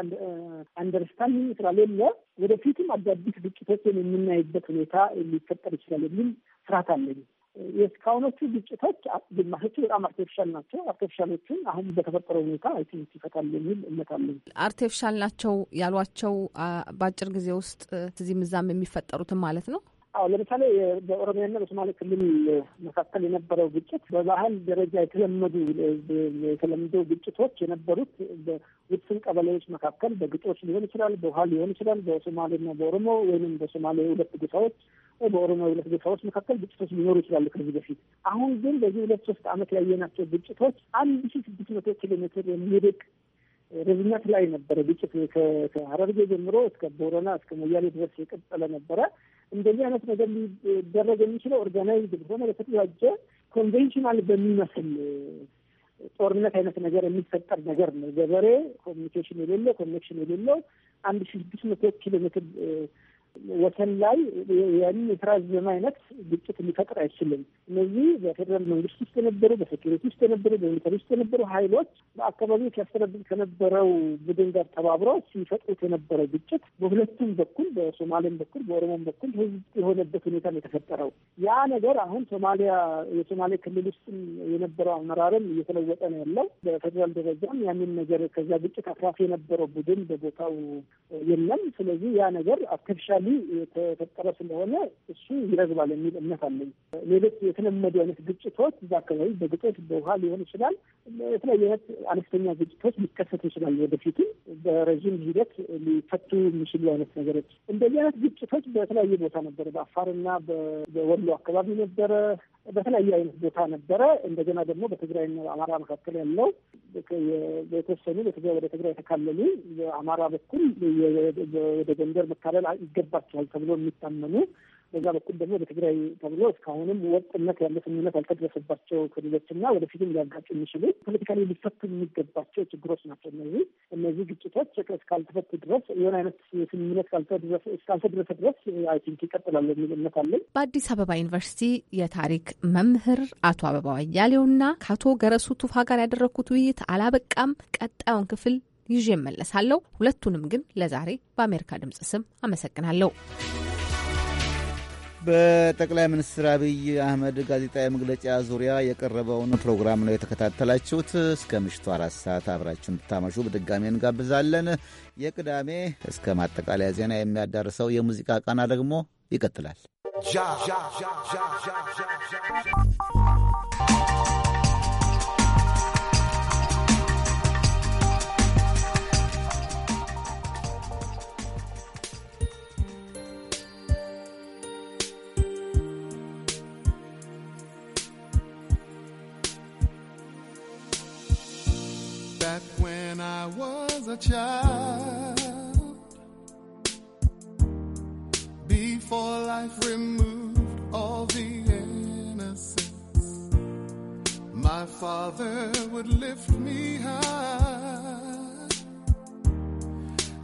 S3: አንደርስታንዲንግ የለ ወደፊትም አዳዲስ ግጭቶችን የምናይበት ሁኔታ ሊፈጠር ይችላል የሚል ፍርሃት አለኝ። የእስካሁኖቹ ግጭቶች ግማሾቹ በጣም አርቲፊሻል ናቸው። አርቲፊሻሎቹን አሁን በተፈጠረው ሁኔታ አይ ቲንክ ይፈታል የሚል እምነት አለኝ።
S5: አርቲፊሻል ናቸው ያሏቸው በአጭር ጊዜ ውስጥ እዚህ ምዛም የሚፈጠሩትም ማለት ነው።
S3: አዎ ለምሳሌ በኦሮሚያና በሶማሌ ክልል መካከል የነበረው ግጭት በባህል ደረጃ የተለመዱ የተለምዶ ግጭቶች የነበሩት በውስን ቀበሌዎች መካከል በግጦች ሊሆን ይችላል፣ በውሃ ሊሆን ይችላል። በሶማሌና በኦሮሞ ወይም በሶማሌ ሁለት ጎሳዎች፣ በኦሮሞ ሁለት ጎሳዎች መካከል ግጭቶች ሊኖሩ ይችላሉ ከዚህ በፊት። አሁን ግን በዚህ ሁለት ሶስት ዓመት የናቸው ግጭቶች አንድ ሺ ስድስት መቶ ኪሎ ሜትር የሚርቅ ርዝመት ላይ ነበረ ግጭት ከሀረርጌ ጀምሮ እስከ ቦረና እስከ ሞያሌ ድረስ የቀጠለ ነበረ። እንደዚህ አይነት ነገር ሊደረግ የሚችለው ኦርጋናይዝድ በሆነ በተደራጀ ኮንቬንሽናል በሚመስል ጦርነት አይነት ነገር የሚፈጠር ነገር ነው። ገበሬ ኮሚኒኬሽን የሌለው ኮኔክሽን የሌለው አንድ ሺህ ስድስት መቶ ኪሎ ሜትር ወሰን ላይ ያንን የተራዘመ አይነት ግጭት ሊፈጥር አይችልም። እነዚህ በፌዴራል መንግስት ውስጥ የነበሩ፣ በሴኪሪቲ ውስጥ የነበሩ፣ በሚሊተሪ ውስጥ የነበሩ ሀይሎች በአካባቢው ሲያስተዳድር ከነበረው ቡድን ጋር ተባብረው ሲፈጥሩት የነበረው ግጭት በሁለቱም በኩል በሶማሌም በኩል በኦሮሞም በኩል ህዝብ የሆነበት ሁኔታ ነው የተፈጠረው። ያ ነገር አሁን ሶማሊያ የሶማሌ ክልል ውስጥ የነበረው አመራርም እየተለወጠ ነው ያለው። በፌዴራል ደረጃም ያንን ነገር ከዚያ ግጭት አትራፊ የነበረው ቡድን በቦታው የለም። ስለዚህ ያ ነገር አርቲፊሻል ፖለቲካሊ የተፈጠረ ስለሆነ እሱ ይረግባል የሚል እምነት አለኝ። ሌሎች የተለመዱ አይነት ግጭቶች እዛ አካባቢ በግጦት በውሃ ሊሆን ይችላል። የተለያዩ አይነት አነስተኛ ግጭቶች ሊከሰቱ ይችላል። ወደፊትም በረዥም ሂደት ሊፈቱ የሚችሉ አይነት ነገሮች እንደዚህ አይነት ግጭቶች በተለያየ ቦታ ነበረ። በአፋርና በወሎ አካባቢ ነበረ። በተለያየ አይነት ቦታ ነበረ። እንደገና ደግሞ በትግራይና በአማራ መካከል ያለው የተወሰኑ ወደ ትግራይ የተካለሉ በአማራ በኩል ወደ ጎንደር መካለል ይገ ይገባቸዋል ተብሎ የሚታመኑ በዛ በኩል ደግሞ በትግራይ ተብሎ እስካሁንም ወጥነት ያለ ስምምነት ያልተደረሰባቸው እና ወደፊትም ሊያጋጭ የሚችሉ ፖለቲካሊ ሊፈቱ የሚገባቸው ችግሮች ናቸው። እነዚህ እነዚህ ግጭቶች እስካልተፈቱ ድረስ የሆነ አይነት ስምምነት እስካልተደረሰ ድረስ አይ ቲንክ ይቀጥላሉ የሚል እምነት
S5: በአዲስ አበባ ዩኒቨርሲቲ የታሪክ መምህር አቶ አበባው አያሌውና ከአቶ ገረሱ ቱፋ ጋር ያደረግኩት ውይይት አላበቃም። ቀጣዩን ክፍል ይዤ እመለሳለሁ። ሁለቱንም ግን ለዛሬ በአሜሪካ ድምፅ ስም አመሰግናለሁ።
S1: በጠቅላይ ሚኒስትር አብይ አህመድ ጋዜጣዊ መግለጫ ዙሪያ የቀረበውን ፕሮግራም ነው የተከታተላችሁት። እስከ ምሽቱ አራት ሰዓት አብራችሁ እንድታመሹ በድጋሚ እንጋብዛለን። የቅዳሜ እስከ ማጠቃለያ ዜና የሚያዳርሰው የሙዚቃ ቃና ደግሞ ይቀጥላል።
S6: Back when I was a child, before life removed all the innocence, my father would lift me high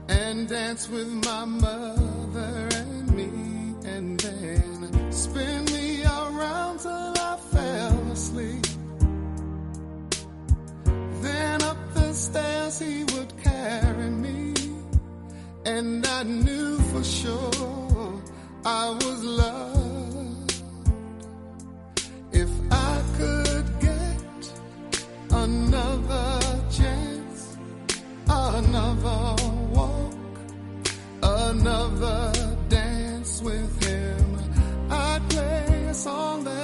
S6: and dance with my mother and me, and then spin me around till I fell asleep. stairs he would carry me, and I knew for sure I was loved. If I could get another chance, another walk, another dance with him, I'd play a song that.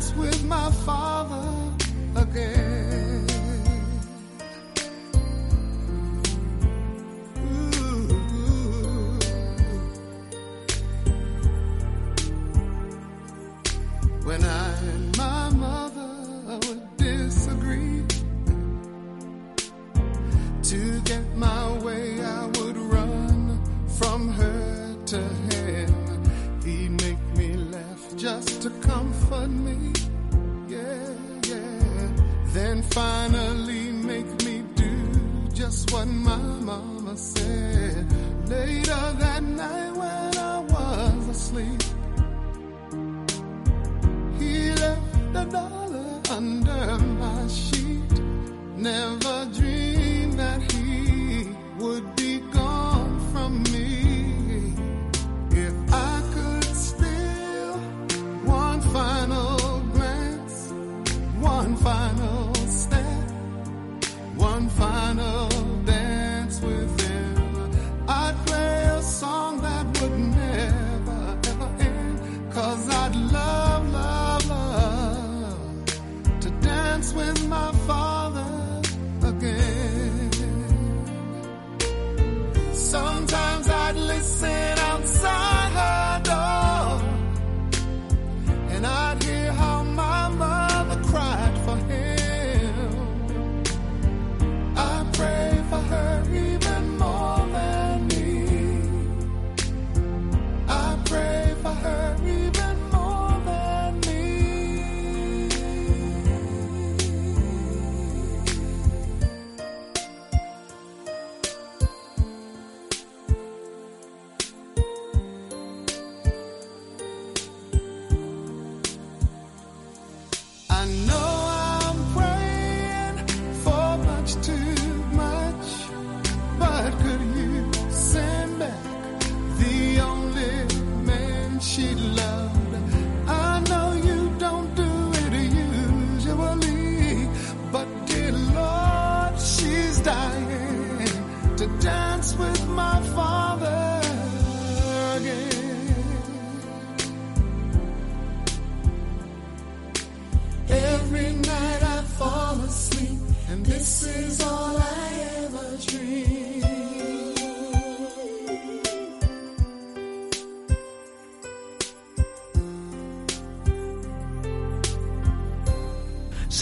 S6: dance with my father.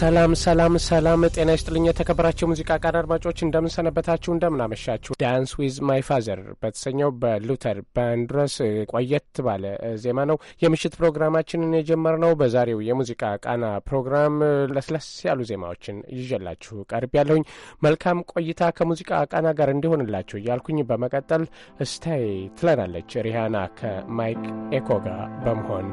S7: ሰላም ሰላም ሰላም፣ ጤና ይስጥልኝ የተከበራቸው ሙዚቃ ቃና አድማጮች፣ እንደምንሰነበታችሁ፣ እንደምናመሻችሁ። ዳንስ ዊዝ ማይ ፋዘር በተሰኘው በሉተር በንድረስ ቆየት ባለ ዜማ ነው የምሽት ፕሮግራማችንን የጀመርነው። በዛሬው የሙዚቃ ቃና ፕሮግራም ለስለስ ያሉ ዜማዎችን ይዤላችሁ ቀርብ ያለሁኝ። መልካም ቆይታ ከሙዚቃ ቃና ጋር እንዲሆንላችሁ እያልኩኝ በመቀጠል ስታይ ትለናለች ሪሃና ከማይክ ኤኮ ጋር በመሆን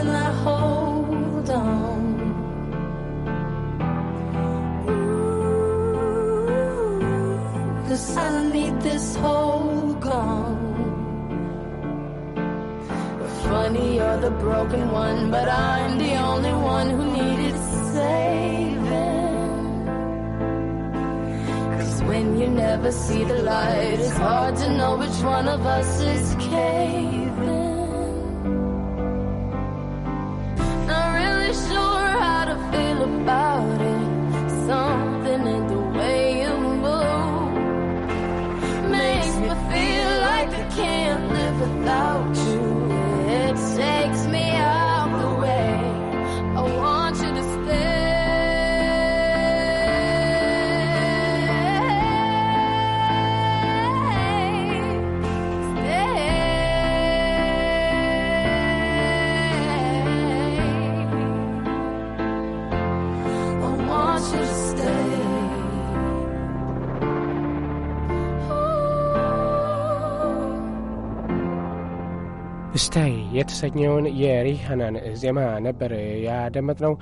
S8: and I hold on. Cause I need this hole gone. Funny, you're the broken one, but I'm the only one who needed saving. Cause when you never see the light, it's hard to know which one of us is caving.
S7: የተሰኘውን የሪሃናን ዜማ ነበር ያደመጥነው።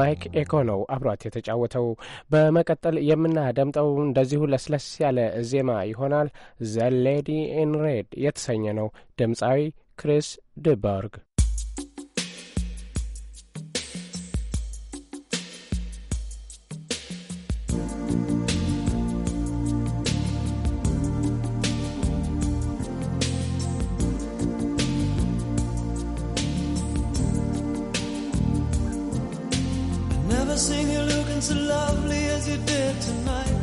S7: ማይክ ኤኮ ነው አብሯት የተጫወተው። በመቀጠል የምናደምጠው እንደዚሁ ለስለስ ያለ ዜማ ይሆናል። ዘ ሌዲ ኢን ሬድ የተሰኘ ነው። ድምፃዊ ክሪስ ድበርግ
S9: so lovely as you did tonight.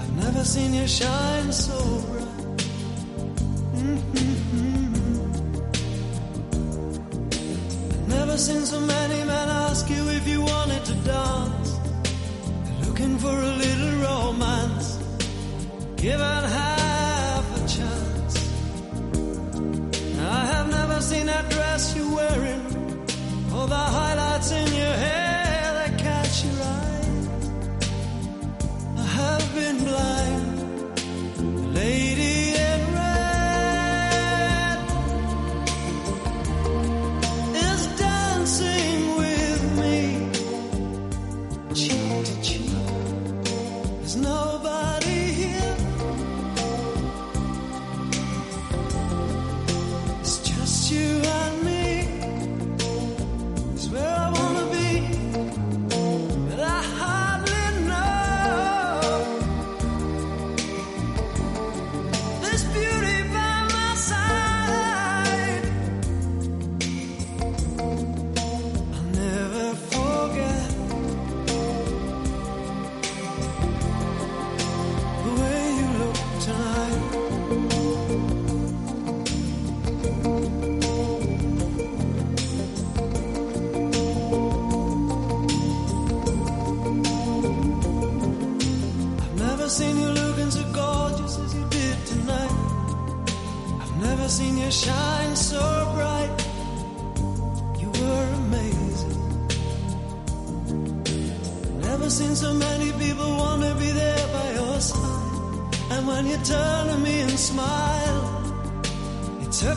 S9: I've never seen you shine so bright. Mm -hmm. I've never seen so many men ask you if you wanted to dance. They're looking for a little romance. Give out half a chance. I have never seen that dress you're wearing, or the highlights in your hair. I have been blind, lady.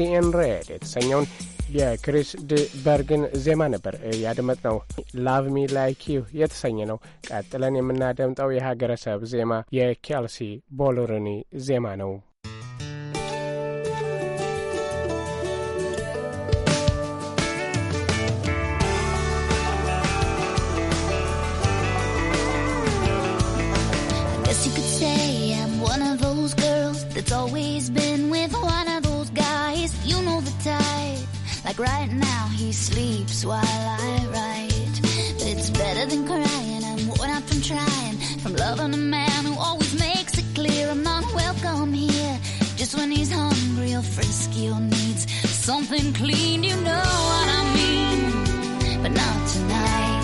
S7: ሬዲን ሬድ የተሰኘውን የክሪስ ድ በርግን ዜማ ነበር ያድመጥ ነው። ላቭ ሚ ላይክ ዩ የተሰኘ ነው። ቀጥለን የምናደምጠው የሀገረሰብ ዜማ የኬልሲ ቦሎርኒ ዜማ ነው።
S10: Right now he sleeps while I write. But it's better than crying. I'm worn out from trying. From loving a man who always makes it clear I'm not welcome here. Just when he's hungry or frisky or needs something clean, you know what I mean. But not tonight.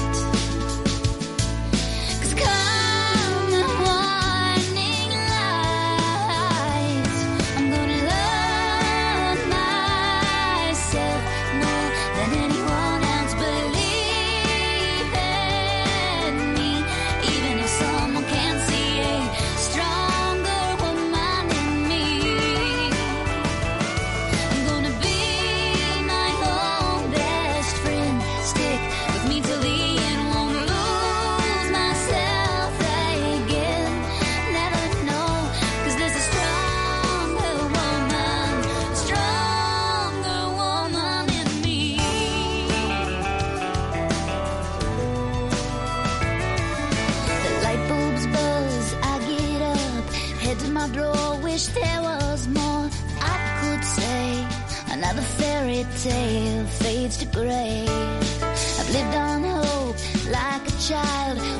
S10: tale fades to gray. I've lived on hope like a child.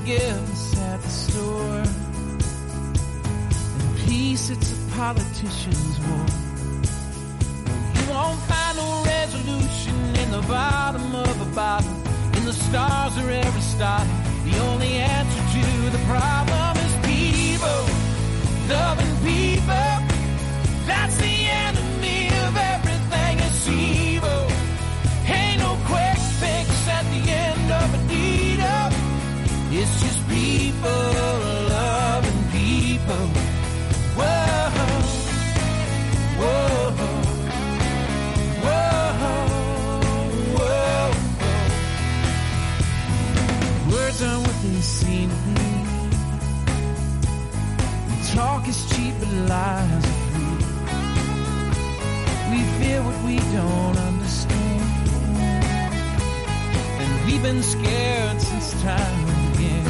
S9: forgiveness at the store. In peace, it's a politician's war. You won't find no resolution in the bottom of a bottle. In the stars or every star, the only answer to the problem. that lies through. We fear what we don't understand. And we've been scared since time began.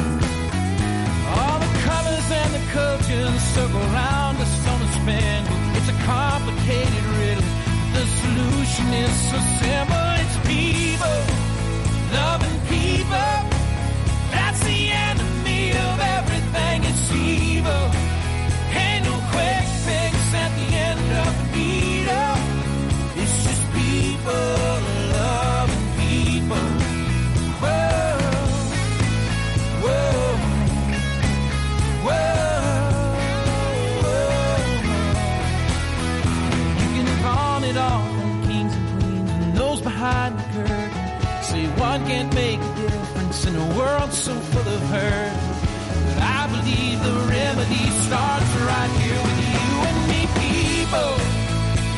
S9: All the colors and the cultures circle around us on a span. It's a complicated riddle. The solution is so simple. It's people. in a world so full of hurt. But I believe the remedy starts right here with you and me, people,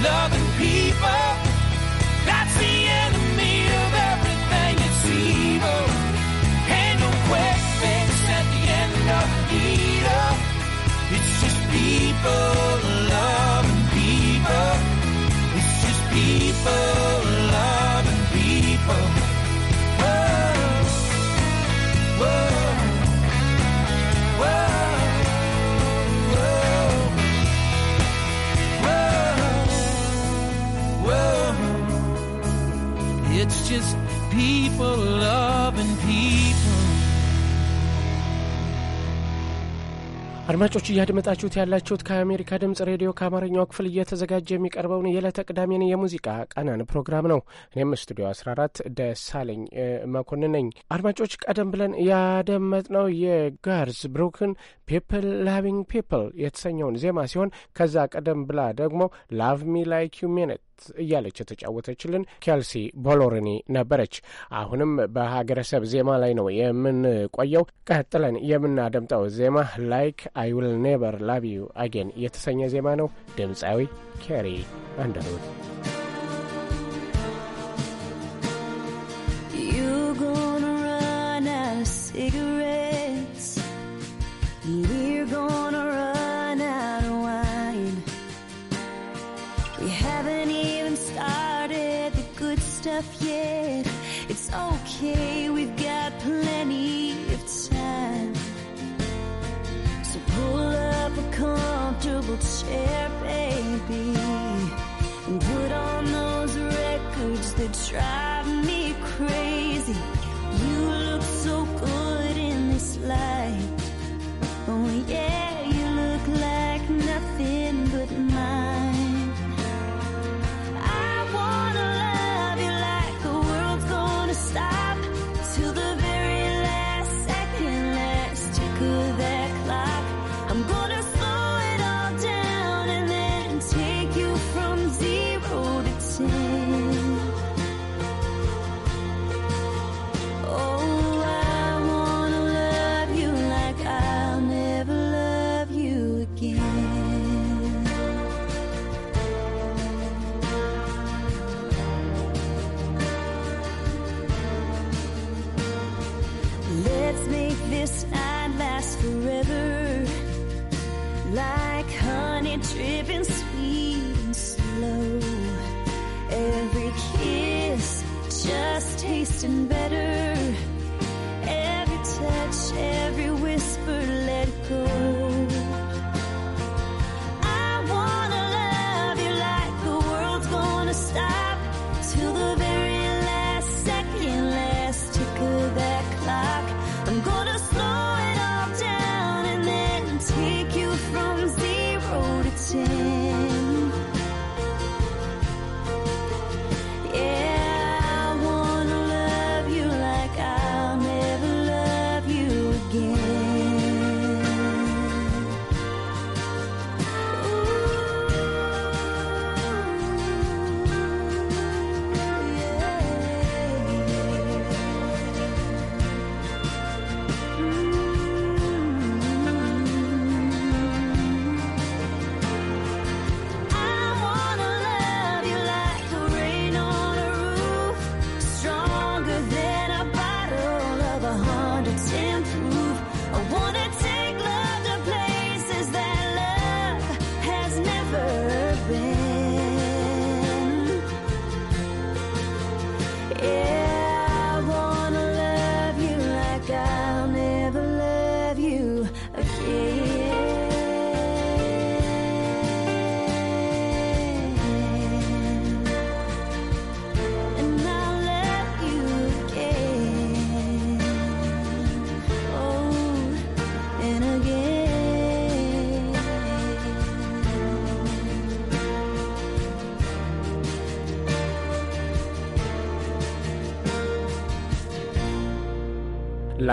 S9: loving people. people loving people
S7: አድማጮች እያደመጣችሁት ያላችሁት ከአሜሪካ ድምጽ ሬዲዮ ከአማርኛው ክፍል እየተዘጋጀ የሚቀርበውን የዕለተ ቅዳሜን የሙዚቃ ቀናን ፕሮግራም ነው። እኔም ስቱዲዮ 14 ደሳለኝ መኮንን ነኝ። አድማጮች ቀደም ብለን ያደመጥነው የጋርዝ ብሩክን ፔፕል ላቪንግ ፔፕል የተሰኘውን ዜማ ሲሆን ከዛ ቀደም ብላ ደግሞ ላቭ ሚ ላይክ ዩ ሚኒት እያለች የተጫወተችልን ኬልሲ ቦሎርኒ ነበረች። አሁንም በሀገረሰብ ዜማ ላይ ነው የምንቆየው። ቀጥለን የምናደምጠው ዜማ ላይክ አይ ኔቨር ላቭ ዩ አጌን የተሰኘ ዜማ ነው። ድምፃዊ ኬሪ አንደርውድ
S11: cigarettes. We're gonna run. enough yet. It's okay, we've got plenty of time. So pull up a comfortable chair, baby, and put on those records that drive me.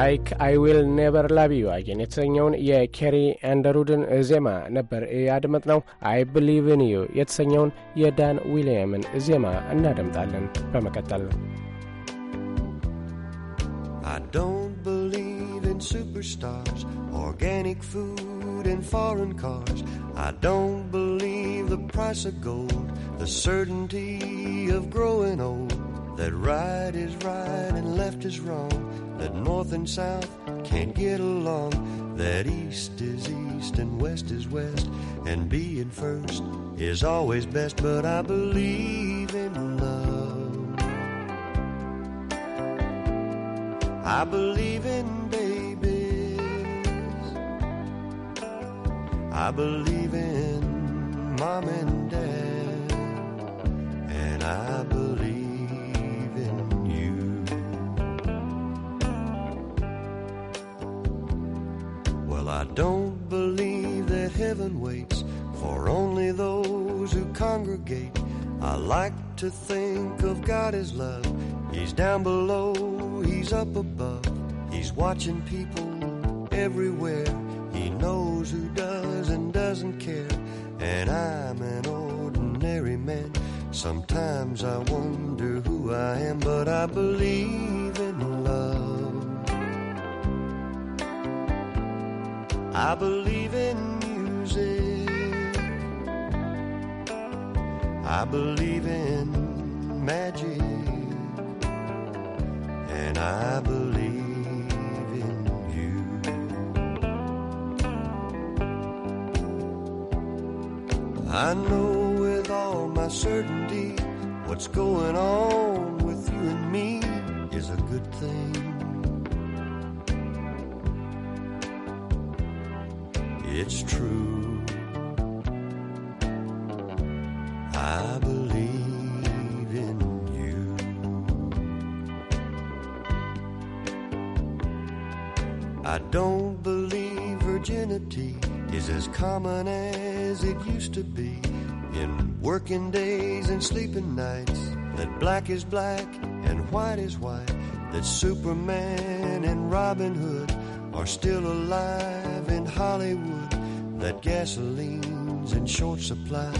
S7: ላይክ አይ ዊል ኔቨር ላቭ ዩ አጌን የተሰኘውን የኬሪ አንደርውድን ዜማ ነበር ያድመጥነው። አይ ብሊቭ ኢን ዩ የተሰኘውን የዳን Zema, ዜማ እናደምጣለን በመቀጠል ነው። I don't
S12: believe in superstars, organic food and foreign cars. I don't believe the price of gold, the certainty of growing old. That right is right and left is wrong that north and south can't get along, that east is east and west is west, and being first is always best, but I believe in love. I believe in babies. I believe in mom and dad. And I don't believe that heaven waits for only those who congregate. I like to think of God as love. He's down below, he's up above. He's watching people everywhere. He knows who does and doesn't care. And I'm an ordinary man. Sometimes I wonder who I am, but I believe in I believe in music. I believe in magic. And I believe in you. I know with all my certainty what's going on with you and me is a good thing. it's true. I believe in you. I don't believe virginity is as common as it used to be. In working days and sleeping nights, that black is black and white is white, that Superman and Robin Hood are still alive in Hollywood that gasoline's in short supply,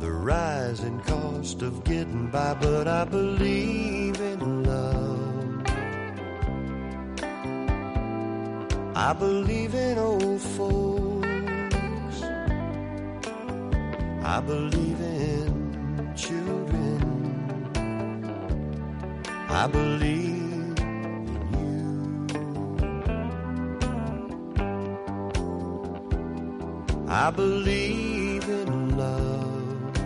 S12: the rising cost of getting by, but I believe in love. I believe in old folks. I believe in children. I believe I believe in love.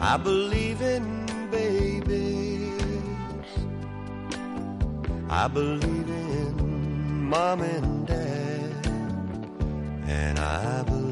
S12: I believe in babies. I believe in mom and dad. And I
S7: believe.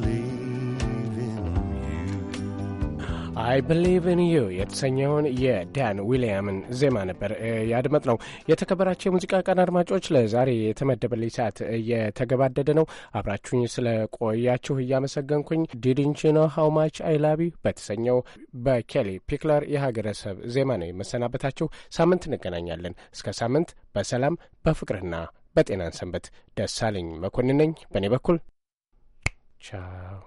S7: አይ ብሊቭ ኢን ዩ የተሰኘውን የዳን ዊሊያምን ዜማ ነበር ያድመጥ ነው። የተከበራቸው የሙዚቃ ቀን አድማጮች፣ ለዛሬ የተመደበልኝ ሰዓት እየተገባደደ ነው። አብራችሁኝ ስለ ቆያችሁ እያመሰገንኩኝ ዲድንች ነው ሀው ማች አይ ላቭ ዩ በተሰኘው በኬሊ ፒክለር የሀገረሰብ ዜማ ነው የመሰናበታችሁ። ሳምንት እንገናኛለን። እስከ ሳምንት በሰላም በፍቅርና በጤናን ሰንበት። ደሳለኝ መኮንን ነኝ በእኔ በኩል ቻው።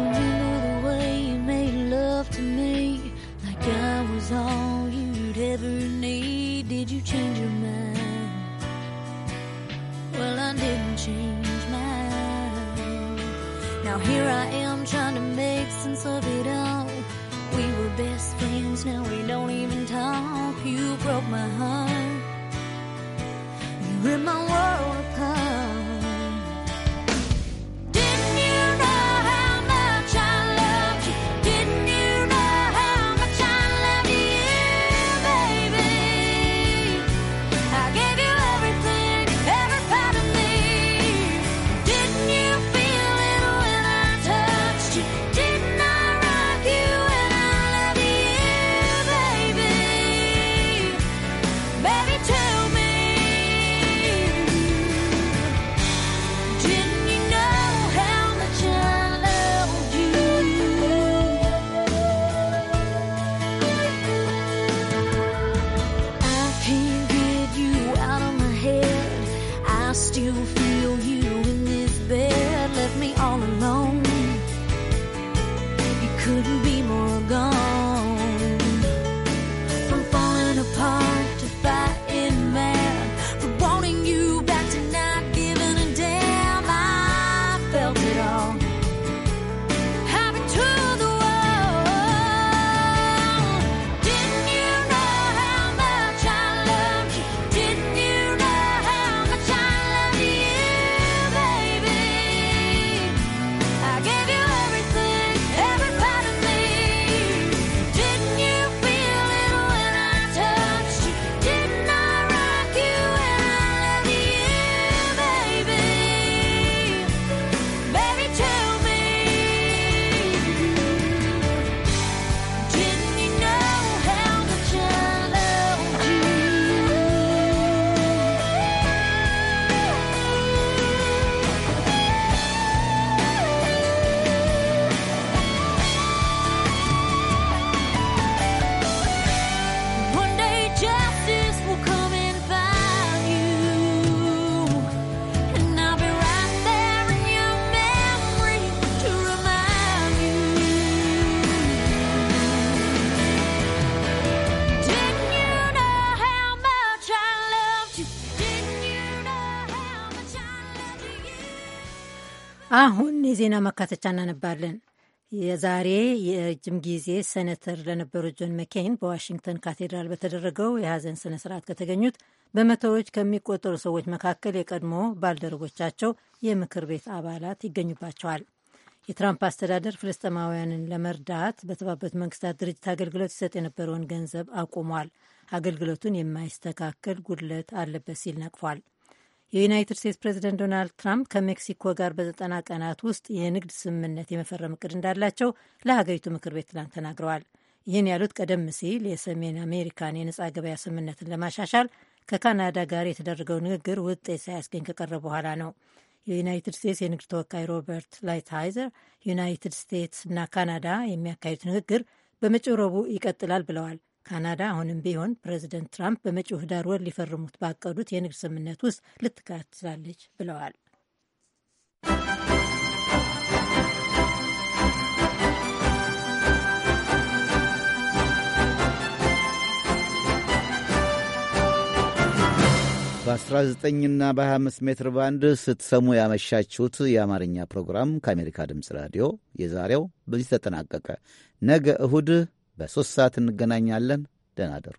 S10: only the way you made love to me, like I was all you'd ever need. Did you change your mind? Well, I didn't change mine. Now here I am trying to make sense of it all. We were best friends, now we don't even talk. You broke my heart. you ripped my world.
S4: አሁን የዜና ማካተቻ እናነባለን። የዛሬ የረጅም ጊዜ ሴኔተር ለነበሩት ጆን መኬን በዋሽንግተን ካቴድራል በተደረገው የሐዘን ስነ ስርዓት ከተገኙት በመቶዎች ከሚቆጠሩ ሰዎች መካከል የቀድሞ ባልደረቦቻቸው የምክር ቤት አባላት ይገኙባቸዋል። የትራምፕ አስተዳደር ፍልስጤማውያንን ለመርዳት በተባበሩት መንግስታት ድርጅት አገልግሎት ይሰጥ የነበረውን ገንዘብ አቁሟል። አገልግሎቱን የማይስተካከል ጉድለት አለበት ሲል ነቅፏል። የዩናይትድ ስቴትስ ፕሬዚደንት ዶናልድ ትራምፕ ከሜክሲኮ ጋር በዘጠና ቀናት ውስጥ የንግድ ስምምነት የመፈረም እቅድ እንዳላቸው ለሀገሪቱ ምክር ቤት ትላንት ተናግረዋል። ይህን ያሉት ቀደም ሲል የሰሜን አሜሪካን የነጻ ገበያ ስምምነትን ለማሻሻል ከካናዳ ጋር የተደረገው ንግግር ውጤት ሳያስገኝ ከቀረ በኋላ ነው። የዩናይትድ ስቴትስ የንግድ ተወካይ ሮበርት ላይትሃይዘር ዩናይትድ ስቴትስ እና ካናዳ የሚያካሂዱት ንግግር በመጪው ረቡዕ ይቀጥላል ብለዋል። ካናዳ አሁንም ቢሆን ፕሬዚደንት ትራምፕ በመጪው ህዳር ወር ሊፈርሙት ባቀዱት የንግድ ስምምነት ውስጥ ልትካተት ብለዋል።
S1: በ19ና በ25 ሜትር ባንድ ስትሰሙ ያመሻችሁት የአማርኛ ፕሮግራም ከአሜሪካ ድምፅ ራዲዮ የዛሬው በዚህ ተጠናቀቀ። ነገ እሁድ በሦስት ሰዓት እንገናኛለን። ደናደሩ